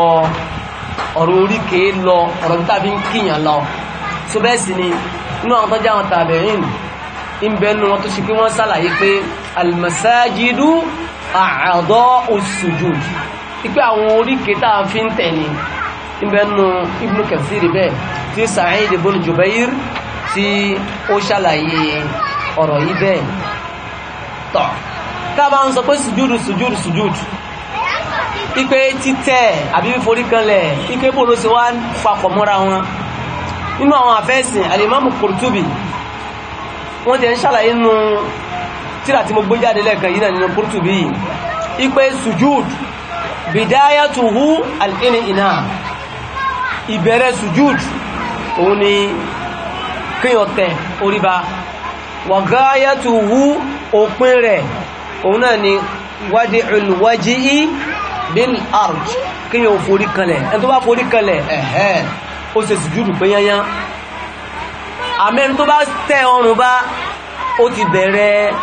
ọ̀rọ̀ oríkè lọ ọ̀rọ̀ tó tàbí ń kíyàn lọ tó bẹ́ẹ̀ sì ni inú àwọn tó jẹ́ àwọn tàbẹ̀yìn ń bẹ nu wọn tó ṣe pé wọ́n ṣàlàyé pé almasajidu a'da'us sujud ipe àwọn oríkè tá a fi ń tẹ̀lé ìbẹ̀nu Ibn Kathir bẹ́ẹ̀ tí Sa'id ibn Jubair tí ó ṣàlàyé ọ̀rọ̀ yìí bẹ́ẹ̀ tọ̀ tábà ń sọ pé sùjúdù sùjúdù sùjúdù ipe títẹ̀ àbí forí kanlẹ̀ ipe bòrò sí wá papọ̀ mọ́ra wọn nínú àwọn àfẹ́sìn alimamu Qurtubi wọ́n ti ń ṣàlàyé nínú tíra tí mo gbé jáde lẹ́ẹ̀kan yìí náà nínú Qurtubi yìí ipe sùjúdù bìdáyàtùhú al ìbẹ̀rẹ̀ sujud òun ni kíyàn tẹ̀ oríba wàgáyàtúwú òpin rẹ̀ òun náà ni wádìí ìlúwájí í bin arj kíyàn ò forí kanlẹ̀ ẹni tó bá forí kanlẹ̀ ẹ̀hẹ́ ó ṣe sujud pé yányán àmẹ́ni tó bá tẹ ọrùn bá ó ti bẹ̀rẹ̀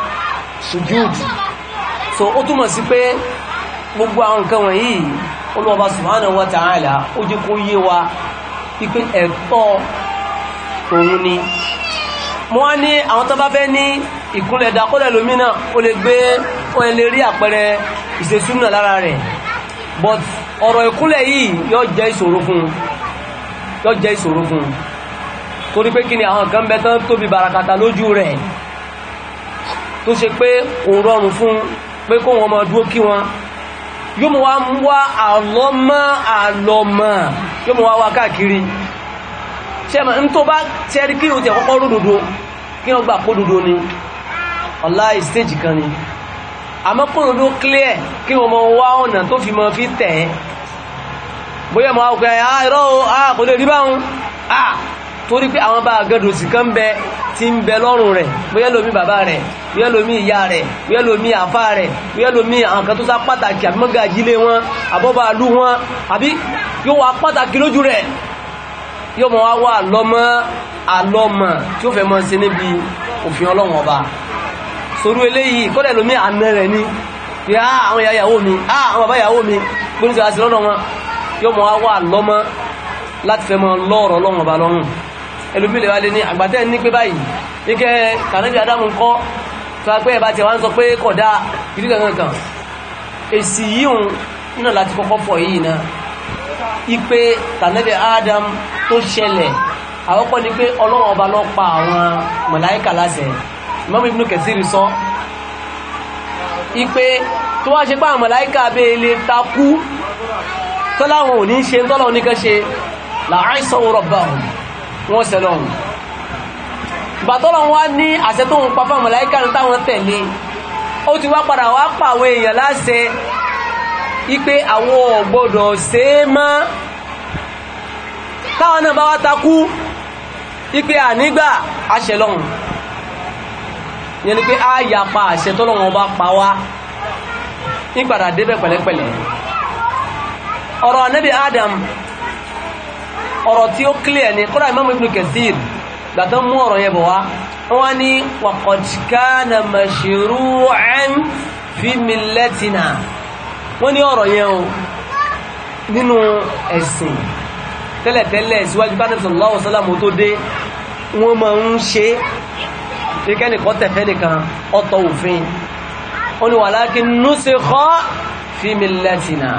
sujud so ó túmọ̀ sí pé gbogbo àwọn nǹkan wọ̀nyí olùwọ́ba subhanahu wa ta'ala ó jẹ́ kó yé wa wípé ẹ̀tọ́ òun ni wọ́n á ní àwọn tó bá fẹ́ ní ìkúnlẹ̀ dakọ́lẹ̀ lómìnà ó lè gbé ó lè rí àpẹẹrẹ ìṣesúnà lára rẹ̀ but ọ̀rọ̀ ìkúnlẹ̀ yìí yóò jẹ́ ìṣòro fún yóò jẹ́ ìṣòro fún torí pé kí ni àwọn kan bẹ tán tóbi barakata lójú rẹ̀ tó ṣe pé kò rọrùn fún pé kó wọn máa dúró kí wọn yóò mọ̀ wá ń wá àlọ́mọ́ àlọ́mọ́ yóò mọ̀ wá wá káàkiri ṣẹ́mọ̀ ní tó bá o tẹ́ kọ́kọ́ kí wọ́n gbà kó ni ọ̀lá ìstéjì kan ni àmọ́ kó dòdó clear kí wọ́n mọ̀ wá ọ̀nà tó fi mọ́ fi tẹ̀ bóyá mọ̀ wá torí pé àwọn bá agẹ́dùn sí kan bẹ ti ń bẹ lọ́rùn rẹ̀ bóyá lómi bàbá rẹ̀ bóyá lómi ìyá rẹ̀ bóyá lómi àfá rẹ̀ bóyá lómi àwọn kan tó sá pàtàkì àbí mọ́gà ìjílé wọn àbọ́bà alú wọn àbí yóò wá pàtàkì lójú rẹ̀ yóò mọ̀ wá wà lọ́mọ alọ́mọ tí ó fẹ́ mọ́ sí níbi òfin ọlọ́wọ̀n ọba sorú eléyìí kọ́lẹ̀ lómi àna rẹ̀ ni pé á àwọn ìyá ìyàwó mi á àwọn bàbá ìyàwó mi gbóníṣẹ́ àti lọ́nà wọn yóò mọ̀ wá wà lọ́mọ láti fẹ́ ẹlòmílẹ̀ wa lè ní àgbàtẹ́ ní pé báyìí ní kẹ́ kànáàbí adámù kọ́ tó a pé ẹ̀bá ti wá ń sọ pé kọ̀dá ìdí kankan èsì yíò náà láti kọ́kọ́ pọ̀ yìí náà ipe kànáàbí adam tó ṣẹlẹ̀ àwọ́pọ̀ ni pé ọlọ́run ọba ló pa àwọn màláíkà láṣẹ Imam Ibn Kathir sọ ipe tó wá ṣe pé àwọn màláíkà bẹ́ẹ̀ lè takú tọ́láwọn ò ní ṣe tọ́láwọn oníkan ṣe làáìsàn rọ̀bà ọ̀hún wọ́n sẹ́lọ̀ ọ̀hún bàtọ́lọ̀ wá ní àṣẹ tó ń pa fáwọn màláíkà ní táwọn tẹ̀lé ó ti wá padà wá pa àwọn èèyàn láṣẹ ipe àwọn ò gbọ́dọ̀ ṣe é mọ́ táwọn náà bá wá takú ipe ànígbà àṣẹlọ́hún yẹn ni pé á yà pa àṣẹ tọ́lọ̀ wọn bá pa wá ní padà débẹ̀ pẹ̀lẹ́pẹ̀lẹ́ ọ̀rọ̀ Ànábì Adam ọ̀rọ̀ tí ó clear ni kọ́lá Imam Ibn Kathir gbàtọ́ mú ọ̀rọ̀ yẹn bọ̀ wá wọ́n ní wa qad kana mashru'an fi millatina wọ́n ní ọ̀rọ̀ yẹn o nínú ẹ̀sìn tẹ́lẹ̀tẹ́lẹ̀ síwájú bá nẹ́bí sallallahu alaihi tó dé wọ́n máa ń ṣe ikẹ́nìkan tẹ̀fẹ́ nìkan ọ̀tọ̀ òfin wọ́n ní walakin nusikha fi millatina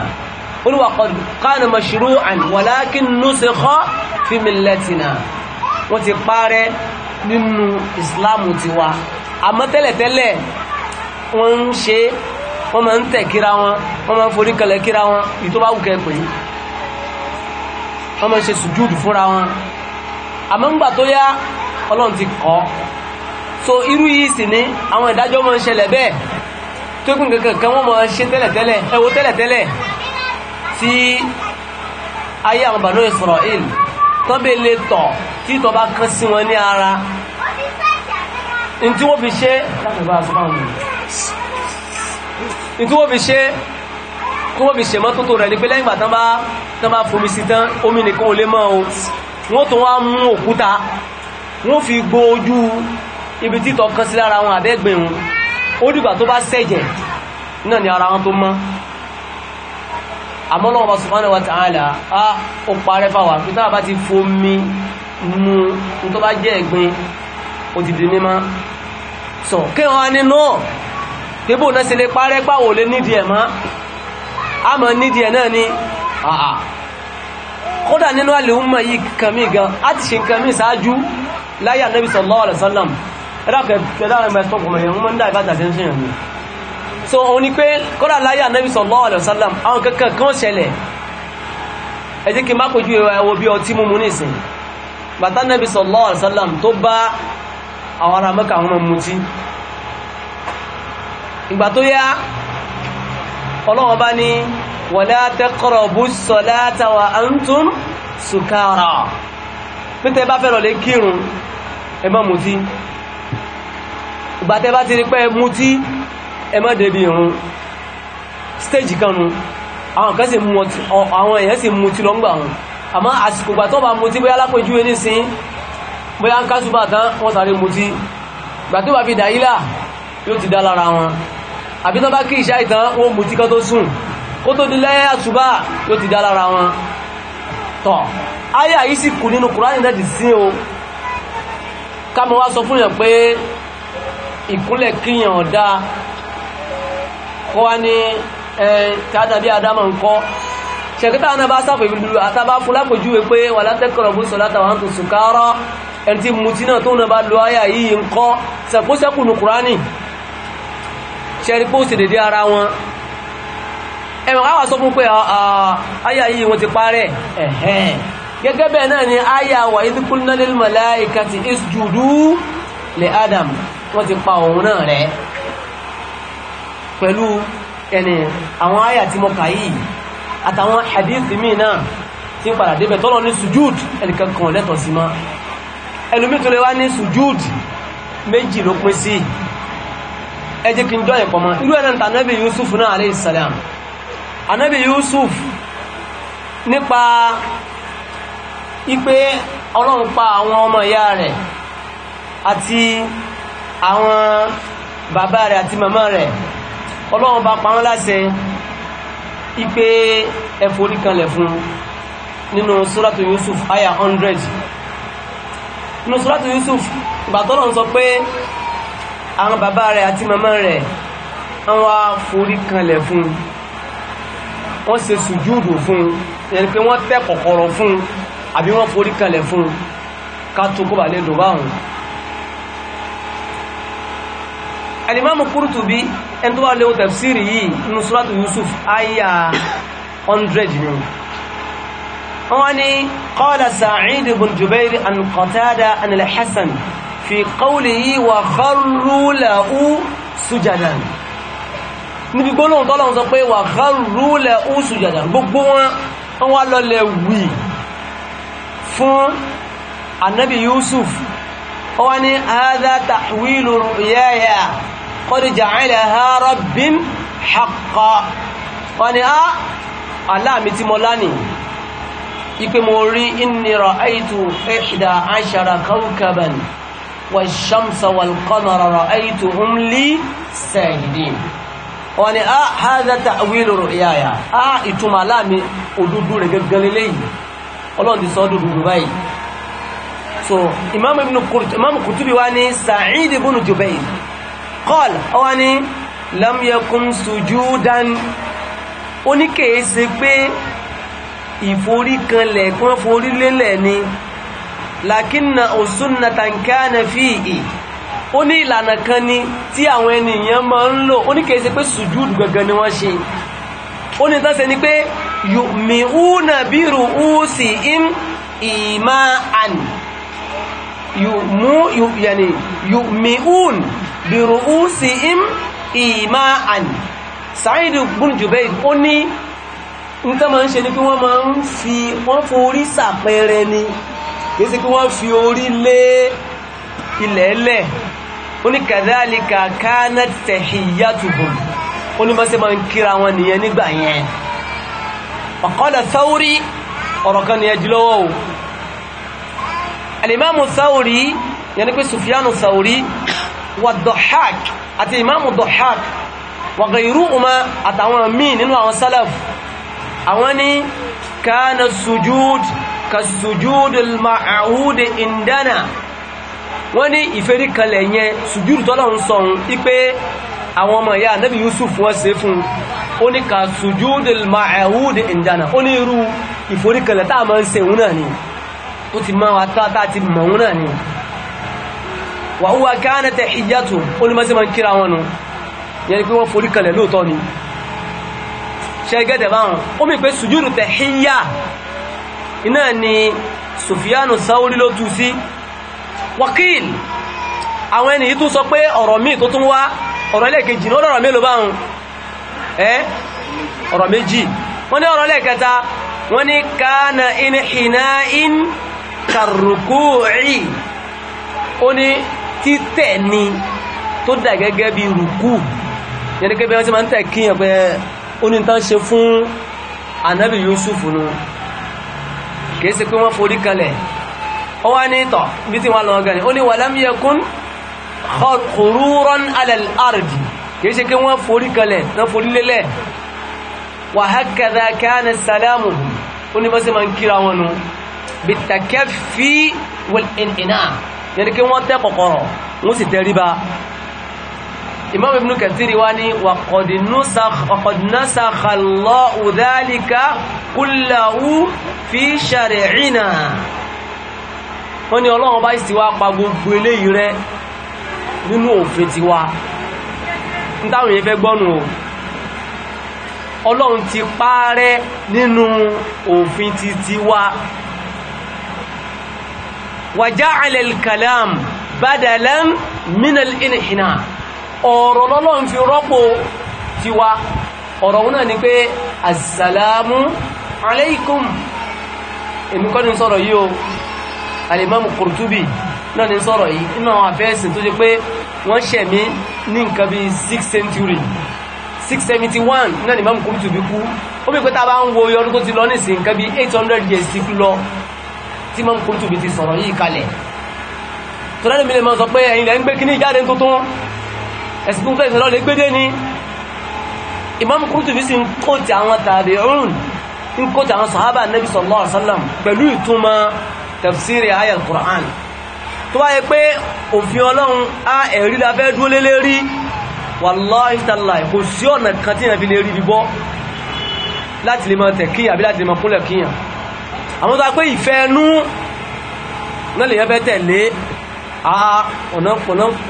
olúwa kọlu kánà mọ̀ṣúrú àníwọ̀láàkí núṣe kọ́ fi millatina wọ́n ti parẹ́ nínú ìsìláàmù tiwa àmọ́ tẹ́lẹ̀tẹ́lẹ̀ wọ́n ń ṣe wọ́n máa ń tẹ̀ kíra wọn wọ́n máa ń forí kalẹ̀ kíra wọn ìtọ́bá wùkẹ́ pè wọ́n máa ń ṣe sùjúdù fúnra wọn àmọ́ ń gbà tó yá ọlọ́run ti kọ́ so irú yìí sì ni àwọn ìdájọ́ máa ń ṣẹlẹ̀ bẹ́ẹ̀ tó kún kankan wọ́n máa ń ṣe tẹ́lẹ̀tẹ́lẹ̀ ẹ̀wọ̀ tẹ́lẹ̀tẹ́lẹ̀ sí ayé àwọn Israel tó bẹ lè tọ̀ tí tọ́ bá kán sí wọn ní ara ntí wọ́n fi ṣe ntí wọ́n fi ṣe kó wọ́n fi ṣe mọ́tótó rẹ̀ ní pé lẹ́yìn gbàtán bá tán bá fomi sí tán omi nìkan ò lè mọ́ o wọ́n tó wá mú òkúta wọ́n fi gbó ojú ibi títọ́ kán sí lára wọn àbẹ́gbẹ̀rún ó dìgbà tó bá ṣẹ̀jẹ̀ náà ni ara wọn tó mọ́ àmọ́lọ́wọ́ bá subhanahu wa ta'ala á ó parẹ́ fáwà pé táà bá ti fomi mú un tó bá jẹ́ ẹ̀gbin ó ti di mímọ́ sọ kí wọ́n á ní náà débò náà ṣe lè parẹ́ páwò lé nídìí ẹ̀ mọ́ a mọ̀ nídìí ẹ̀ náà ní àà kódà nínú àlè ń mọ̀ yìí kan mí gan á ti ṣe nǹkan mí ṣáájú láyé ànábì sallallahu alaihi ẹ̀dá kẹ̀ẹ́dá rẹ̀ mẹ́sàn-án ń dá ìbájà sí ń ni so òun ni pé kọ́dà láyé ànábì sallallahu alaihi wasallam àwọn kankan kan ṣẹlẹ̀ ẹ jẹ́ kí n má kojú ẹwọ bí ọtí mímu nísìn bàtà ànábì sallallahu alaihi wasallam tó bá àwọn ará Mẹ́kà àwọn ọmọ mutí ìgbà tó yá ọlọ́wọ́n bá ní wala taqrabu ssalata wa antum sukara pítẹ́ bá fẹ́rọ̀ lé kírun ẹ má mutí ìgbà tẹ́ bá ti rí pé mutí ẹ má débi irun stage kan nu àwọn kan sì mú àwọn èèyàn sì mú ti lọ́ngbà wọn àmọ́ àsìkò gbà tó bá mú ti bóyá lápẹjú ẹni sí bóyá ń kásùbà tán wọ́n sáré mú ti gbà tó bá fi dà ílà yóò ti dá lára wọn àbí tán bá kí ìṣá ìtàn wọ́n mú ti kan tó sùn kó tó di lẹ́yìn àsùbà yóò ti dá lára wọn tọ̀ ayé àyí sì kù nínú kùránì náà dì sí o ká mọ wá sọ fún yàn pé ìkúnlẹ̀ kíyàn ọ̀dá wọ́n wá ní tàbí adama ńkọ́ ṣẹ̀kítà náà bá sáfẹ́ ìbìlú àtàbá fún lápòjúwe pé wà látẹ́kọ̀rọ̀ bó sọ látàwà ń tó sùkárọ́ ẹni tí mutí náà tó náà bá lo ayà yìí ńkọ́ sẹ̀kóṣẹ́kù nù kúránì ṣẹ̀rí pé ó sì dédé ara wọn ẹ̀wọ̀n káwà sọ fún pé ayà yìí wọ́n ti parẹ́ ẹ̀hẹ́n gẹ́gẹ́ bẹ́ẹ̀ náà ni ayà wà ìdíkúnnálẹ́lmọ̀láìkà ti isjudu le adam wọ́n ti pa pẹ̀lú ẹni àwọn àyà tí mo kà yìí àtàwọn hadithi míì náà tí ń padà débẹ̀ tọ́lọ ní sujúd ẹnìkan kan lẹ́tọ̀ sí ma ẹlòmí tó lè wá ní sujúd méjì ló pín sí ẹ jẹ́ kí n dọ́ ẹ̀pọ̀ mọ́ irú ẹ̀nà ta anábì yusuf náà alayhi salam anábì yusuf nípa ipe ọlọ́run pa àwọn ọmọ ìyá rẹ̀ àti àwọn bàbá rẹ̀ àti màmá rẹ̀ ọlọ́run bá pa wọ́n láṣẹ ipe ẹ̀fọ́rí kanlẹ̀ fún nínú suratu Yusuf aya 100 nínú suratu Yusuf ìgbàtọ́lọ̀ ń sọ pé àwọn bàbá rẹ̀ àti màmá rẹ̀ wọ́n forí kanlẹ̀ fún wọ́n ṣe sùjúdù fún yẹni pé wọ́n tẹ́ kọ̀kọ̀rọ̀ fún àbí wọ́n forí kanlẹ̀ fún ká tó kó bà lè dùn báwọn alimamu Qurtubi ẹni tó wà léwu tafsiri yìí nínú suratu Yusuf aya 100 ni wọ́n ní qala Sa'id ibn Jubair an Qatada an al-Hasan fi qawlihi wa kharru lahu sujadan níbi gbólóhùn tọ́lọ́hun sọ pé wà kharru sujadan gbogbo wọn wọ́n lọ wì fún anabi Yusuf wọ́n ní hadha tahwilu ru'yaya qad ja'alaha rabbi haqqan wọ́n ni á aláàmì tí mo lánì ipé mo rí inni ra'aytu ihda ashara kawkaban wash-shamsa wal-qamara ra'aytuhum li sajidin wọ́n ni á hadha ta'wilu ru'yaya á ìtumọ̀ aláàmì òdúdú rẹ̀ gẹ́gẹ́lẹ́ lẹ́yìn ọlọ́run ti sọ́dún gbogbo báyìí so imam ibn Qurtubi imam Qurtubi wa ni Sa'id ibn Jubayr kọ́ọ̀lù ọwá ní lamyekun sujudan ó ní kèé ṣe pé ìforíkanlẹ̀ kí wọ́n forí lélẹ̀ ni lakinna usunnatan kana fihi ó ní ìlànà kan ni tí àwọn ènìyàn máa ń lò ó ní kèé ṣe pé sùjúdù gangan ni wọ́n ṣe ó ní tán ṣe ni pé yu'mi'una bi ru'usihim ìmáàn yùmú yàní yu'mi'un bi ru'usihim ìmáàn Sa'id ibn Jubayr ó ní ń tẹ́ máa ń ṣe ní kí wọ́n máa ń fi wọ́n forí sàpẹrẹ ni kìí sí kí wọ́n fi orí lé ilẹ̀ ẹlẹ̀ ó ní kadhalika kanat tahiyyatuhum ó ní bọ́sẹ̀ máa ń kíra wọn nìyẹn nígbà yẹn ọ̀kọ́dà Thawri ọ̀rọ̀ kan nìyẹn jùlọ́wọ́ o Al-Imam yẹn ni pé Sufyan Thawri wàdọ̀hák àti ìmáàmù dọ̀hák wàgàirú umá àtàwọn míì nínú àwọn salaf àwọn ni kánà sujúd ka sujúd al-ma'hud indana wọ́n ní ìfẹ́rí kalẹ̀ yẹn sujúd tọ́lọ́run sọ̀hún ipé àwọn ọmọ ìyá nabi yusuf wọ́n ṣe fún ó ní ka sujúd al indana ó ní irú ìforíkalẹ̀ táà máa ń ṣe òun ni ó ti máa wá tá wà ó wà káàna tẹ ìyàtò onímọ̀sí máa ń kíra wọn nu yẹn ni pé wọ́n forí kalẹ̀ lóòótọ́ ni ṣẹ́gẹ́dẹ̀ báwọn ó mi pé sùjúdù tẹ híyà iná ni Sufyanu Sauri ló tu sí wakil àwọn ẹni yìí tún sọ pé ọ̀rọ̀ míì tó tún wá ọ̀rọ̀ ẹlẹ́ẹ̀kejì ní ọ̀rọ̀ mélòó báwọn ẹ́ ọ̀rọ̀ méjì wọ́n ní ọ̀rọ̀ ẹlẹ́ẹ̀kẹta wọ́n ní kánà in in kàrùkú rí ó títẹ̀ ni tó dà gẹ́gẹ́ bí rùkú yẹni kẹ́bí wọ́n ti máa ń tẹ̀ kíyàn pé ó ní tán ṣe fún anabi Yusuf nu kìí ṣe pé wọ́n forí kalẹ̀ ó wá ní tọ̀ bí tí wọ́n lọ gan ni ó ní walam yakun khururan ala al-ardi kìí ṣe pé wọ́n forí kalẹ̀ wọ́n forí lélẹ̀ wa hakadha kana salamu ó ní máa ń kíra wọn nu bitakaffi wal inqina' yẹni kí wọ́n tẹ́ kọ̀kọ̀rọ̀ wọ́n sì tẹríba imam ibn kathiri wa ni wakọ̀dínásàkàlọ́ òdálíkà kúláwú fi ṣàrẹ̀ẹ́nà wọ́n ni ọlọ́run bá sì wá pa gbogbo eléyìí rẹ nínú òfin ti wa ń táwọn èèyàn fẹ́ gbọ́nù o ọlọ́run ti pààrẹ nínú òfin ti ti wa وجعل الكلام بدلا من الانحناء ọ̀rọ̀ lọ́lọ́run fi rọ́pò tiwa ọ̀rọ̀ náà ni pé assalamu alaikum èmi kọ́ ni sọ̀rọ̀ yìí o alimamu Qurtubi náà ni sọ̀rọ̀ yìí nínú àwọn tó ṣe pé wọ́n ṣẹ̀mí ní nǹkan bí 6th century 671 náà ni Imam Qurtubi kú ó bí pé tá bá ń wo ọdún 800 years ti lọ tí máa ń kojú bí ti sọ̀rọ̀ yìí kalẹ̀ tọ́lẹ́nu mi lè máa sọ pé ẹ̀yin lẹ́ ń gbé kíní jáde tuntun ẹ̀sìn tó fẹ́ ìṣẹ̀lọ́ lè gbé dé ni Imam Qurtubi sì ń kóòtì àwọn tàbíùn ń kóòtì àwọn sàhábà Nabi sallallahu alaihi wasallam pẹ̀lú ìtumọ̀ tafsiri ayat Qur'an tó wáyé pé òfin Ọlọ́run á ẹ̀rí la fẹ́ dúró lélé rí wallahi tallahi kò sí ọ̀nà kan tí ìyàn fi lè rí bíbọ́ láti lè máa tẹ̀ kíyàn àbí láti lè máa kúnlẹ̀ kíyàn àwọn tó pé ìfẹ́ ẹnú náà lè yẹn fẹ́ tẹ̀lé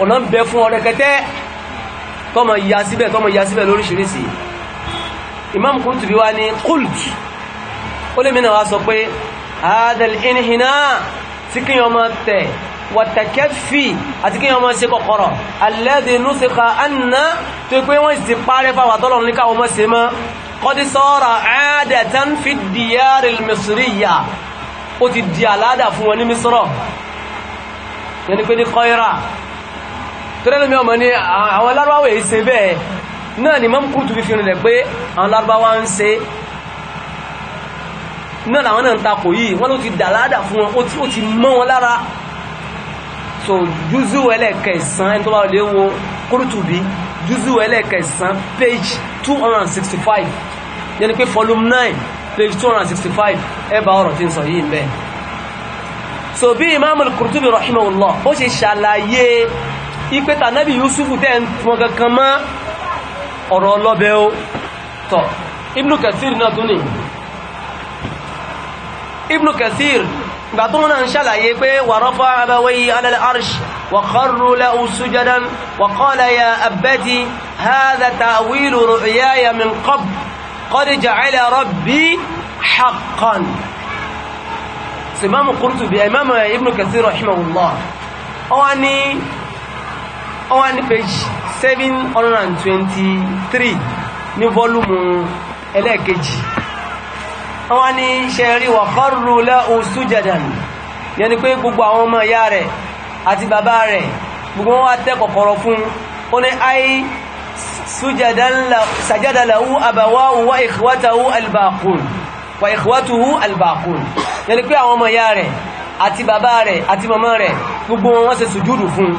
ọ̀nà ń bẹ fún ọ̀rẹ́kẹtẹ́ tọ́mọ ya síbẹ̀ tọ́mọ ya síbẹ̀ lóríṣiríṣi imam Qurtubi wá ní qultu ó lè mìíràn wá sọ pé adal inhina tí kí yọ máa tẹ̀ wàtàkẹ́fì àti kí yọ máa ṣe kọ̀kọ̀rọ̀ alladhi nusikha anna tó pé wọ́n ti parẹ́ fáwọn àtọ́lọ́run ní káwọn mọ́ se mọ́ kọ́dí sọ́ra àádẹ́tàn fi dìyàrí misriya ó ti di àládà fún wọn ní misrọ̀ yẹni pé ní kọ́ira tẹ́lẹ̀lẹ́mí ọmọ ní àwọn lárúbáwà èyí ṣe bẹ́ẹ̀ náà ni mọ́m kúrùtù fi rìnlẹ̀ pé àwọn lárúbáwà ń ṣe náà làwọn náà ń takò yìí wọ́n ló ti dà ládà fún wọn ó ti mọ́ wọn lára so júzú ẹlẹ́kẹ̀ẹ́sán ẹni tó bá lè wo kúrùtù bíi júzù ẹlẹ́kẹsàn page two hundred sixty-five. yẹni pé volume nine, page two hundred 265 ẹbà ọ̀rọ̀ tí ń sọ yìí bẹ́ẹ̀ so bí imáàmù Qurtubi rahimahullah ó ṣe ṣàlàyé ipé tànábì Yusufu tẹ́ ń fọn kankan mọ́ ọ̀rọ̀ ọlọ́bẹ̀ ó tọ̀ Ibn Kathir náà tún ni Ibn Kathir gbà tó náà ń ṣàlàyé pé wa rafa'a abawayhi 'ala al-'arsh wa kharru lahu sujadan wa qala ya abati hadha ta'wilu ru'yaya min qabl qad ja'ala rabbi haqqan Imam Qurtubi Imam Ibn Kathir rahimahullah ọwá ní ọwá ní page wọ́n ní ṣe rí wa kharru lahu sujadan yẹni pé gbogbo àwọn ọmọ ìyá rẹ̀ àti bàbá rẹ̀ gbogbo wọn wá tẹ́ kọ̀kọ̀rọ̀ fún ó ní ay sajada lahu abawahu wa ikhwatahu albaqun wa ikhwatuhu albaqun yẹni pé àwọn ọmọ ìyá rẹ̀ àti bàbá rẹ̀ àti màmá rẹ̀ gbogbo wọn wọ́n ṣe sùjúdù fún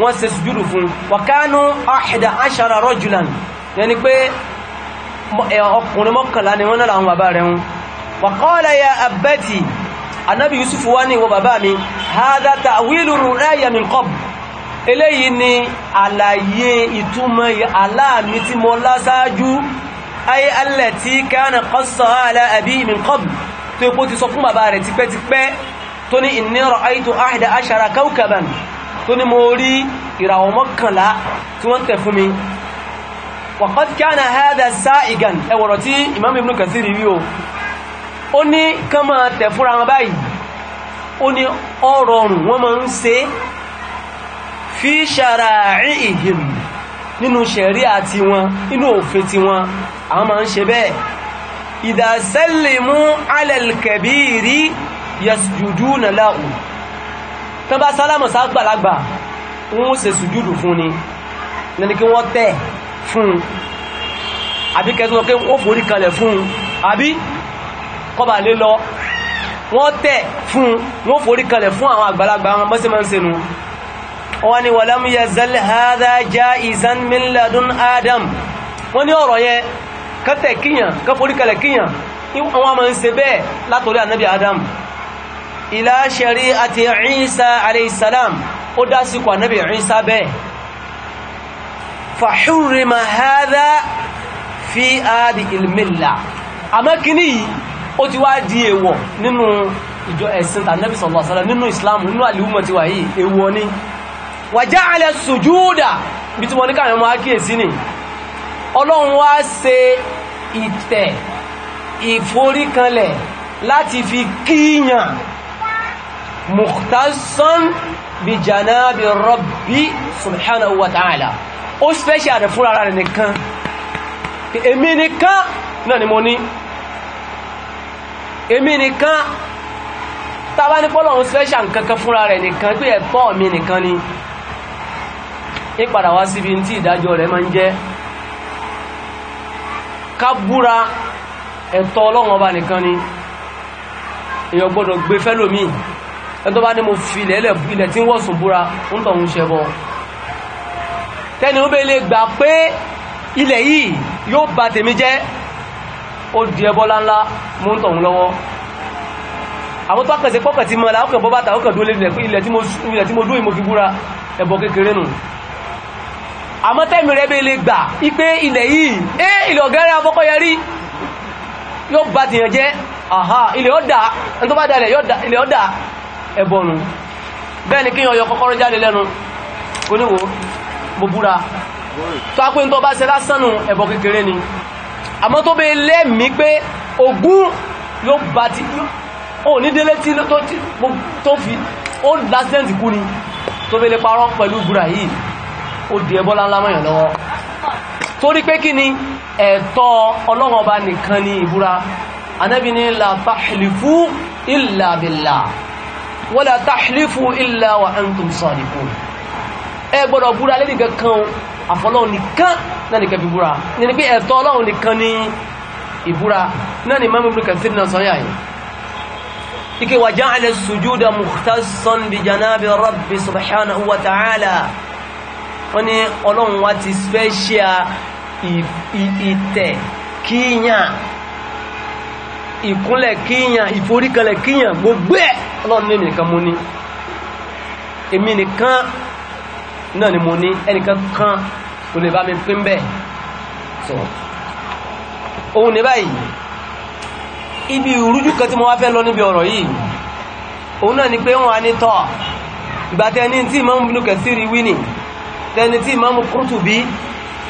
wọ́n ṣe sùjúdù fún wa kanu ahda Eh, ọkùnrin mọ́kànlá ni wọ́n náà àwọn bàbá rẹ̀ ń wa qala ya abbati anábi yusuf wá ní ìwọ bàbá mi hadha ta'wilu ru'aya min qabl eléyìí ni àlàyé ìtumọ̀ aláàmì tí mo lásáájú ay allati kana qassaha ala abi min qabl tó ipò ti sọ fún bàbá tí wọ́n tẹ̀ وقد كان هذا سائغا اورتي امام ابن كثير ويو ó ní kán máa tẹ̀ fúnra wọn báyìí ó ní ọ̀rọ̀ ọ̀rùn wọ́n máa ń ṣe fi ṣàràárín ìhìm nínú ṣẹ̀rí àti wọn nínú òfin ti wọn àwọn máa ń ṣe bẹ́ẹ̀ ìdásẹ́lẹ̀mú alẹ́lkẹ̀bìrí yasjudu nàláhù tán bá sálámù sàgbàlagbà wọ́n ṣe sùjúdù fún ni lẹ́ni kí wọ́n tẹ̀ fún un àbí kẹtùmọ̀ pé wọ́n forí kalẹ̀ fún un àbí kọba lé lọ wọ́n tẹ̀ fún un wọ́n forí kalẹ̀ fún àwọn àgbàlagbà wọn bọ́sí máa ń senu wọ́n ni walam yazal hadha jaizan min adam wọ́n ní ọ̀rọ̀ yẹn kẹtẹ̀ kíyàn kẹforí kalẹ̀ kíyàn wọ́n máa ń bẹ́ẹ̀ látọ̀rí ànábì adam ila shari'ati Isa alayhi salam ó dá sí kọ ànábì Isa bẹ́ẹ̀ fàhúrìmà hádá fi ààdì ìlmìlà àmọ́ kìíní yìí ó ti wá di èèwọ̀ nínú ìjọ ẹ̀sìn tàbí sallallahu alaihi wasallam nínú islam nínú àlìhùmọ̀ ti wà yìí èèwọ̀ ni wà já alẹ́ sùjúdà bí tí wọ́n ní káàrin máa ni ọlọ́run wá ó special rẹ̀ fún ara rẹ̀ nìkan èmi nìkan náà ni mo ní èmi nìkan tàbá ní pọ́lọ̀ ń special nkankan fúnra rẹ̀ nìkan pé ẹ̀pọ́ mi nìkan ni ní padà wá síbi tí ìdájọ́ rẹ̀ máa ń jẹ́ ká búra ẹ̀tọ́ ọlọ́run ọba nìkan ni èèyàn gbọ́dọ̀ gbé fẹ́lòmíì ẹ̀tọ́ bá ní mo fi ilẹ̀ tí ń wọ̀sùn búra ń tọ̀hún ṣẹbọ tẹ́ni ó bẹ́ lè gbà pé ilẹ̀ yìí yóò bà tèmi jẹ́ ó di ẹbọ láńlá mú ń tọ̀hún lọ́wọ́ àwọn tó kẹsẹ̀ pọ́kẹ̀ tí mọ́lá ọkẹ̀ bọ́bátà ọkẹ̀ dúó lẹ́lẹ̀ pé ilẹ̀ tí mo dúó mo fi búra ẹbọ kékeré nù àmọ́ tẹ́mi rẹ̀ bẹ́ lè gbà ipé ilẹ̀ yìí é ilẹ̀ ọ̀gẹ́rẹ́ abọ́kọ́yẹrí yóò bá ti yàn jẹ́ àhá ilẹ̀ ọ̀dà ẹni tó bá dalẹ̀ ilẹ̀ ọ̀dà ẹbọ nù bẹ́ẹ̀ ni kí yàn yọ kọ́kọ́rọ́ jáde lẹ́nu oníwòó mo búra tó apé tó bá ṣe lásánù ẹbọ kékeré ni àmọ́ tó bẹ lẹ́mí pé ogún yóò bá ti ó ní délé tí tó fi ó lásìdẹ́ntì kú ni tó bẹ lè parọ́ pẹ̀lú búra yìí ó di ẹbọ láńlá mọ́yàn lọ́wọ́ torí pé kí ni ẹ̀tọ́ Ọlọ́run Ọba nìkan ni ìbúra Ànábì ní la tahlifu illa billah wala tahlifu illa wa antum sadiqun ẹ gbọ́dọ̀ búra lé nìkan kan o àfọlọ́hun nìkan náà nìkan fi búra nínú pé ẹ̀tọ́ ọlọ́hun nìkan ní ìbúra náà ni mọ́mú bí kẹsìrì náà sọ́yà yìí ike wa ja'ala as-sujuda mukhtassan bi janabi rabbi subhanahu wa ta'ala wọ́n ní náà ni mo ní ẹnìkan kan kò lè bá mi pín bẹ́ẹ̀ so òun ní báyìí ibi ìrújú kan tí mo wá fẹ́ lọ níbi ọ̀rọ̀ yìí òun náà ni pé wọ́n á ní tọ́ ìgbà tẹni tí ìmáàmù bínú kẹsìrì wí nì tẹni tí ìmáàmù Kúrútùbí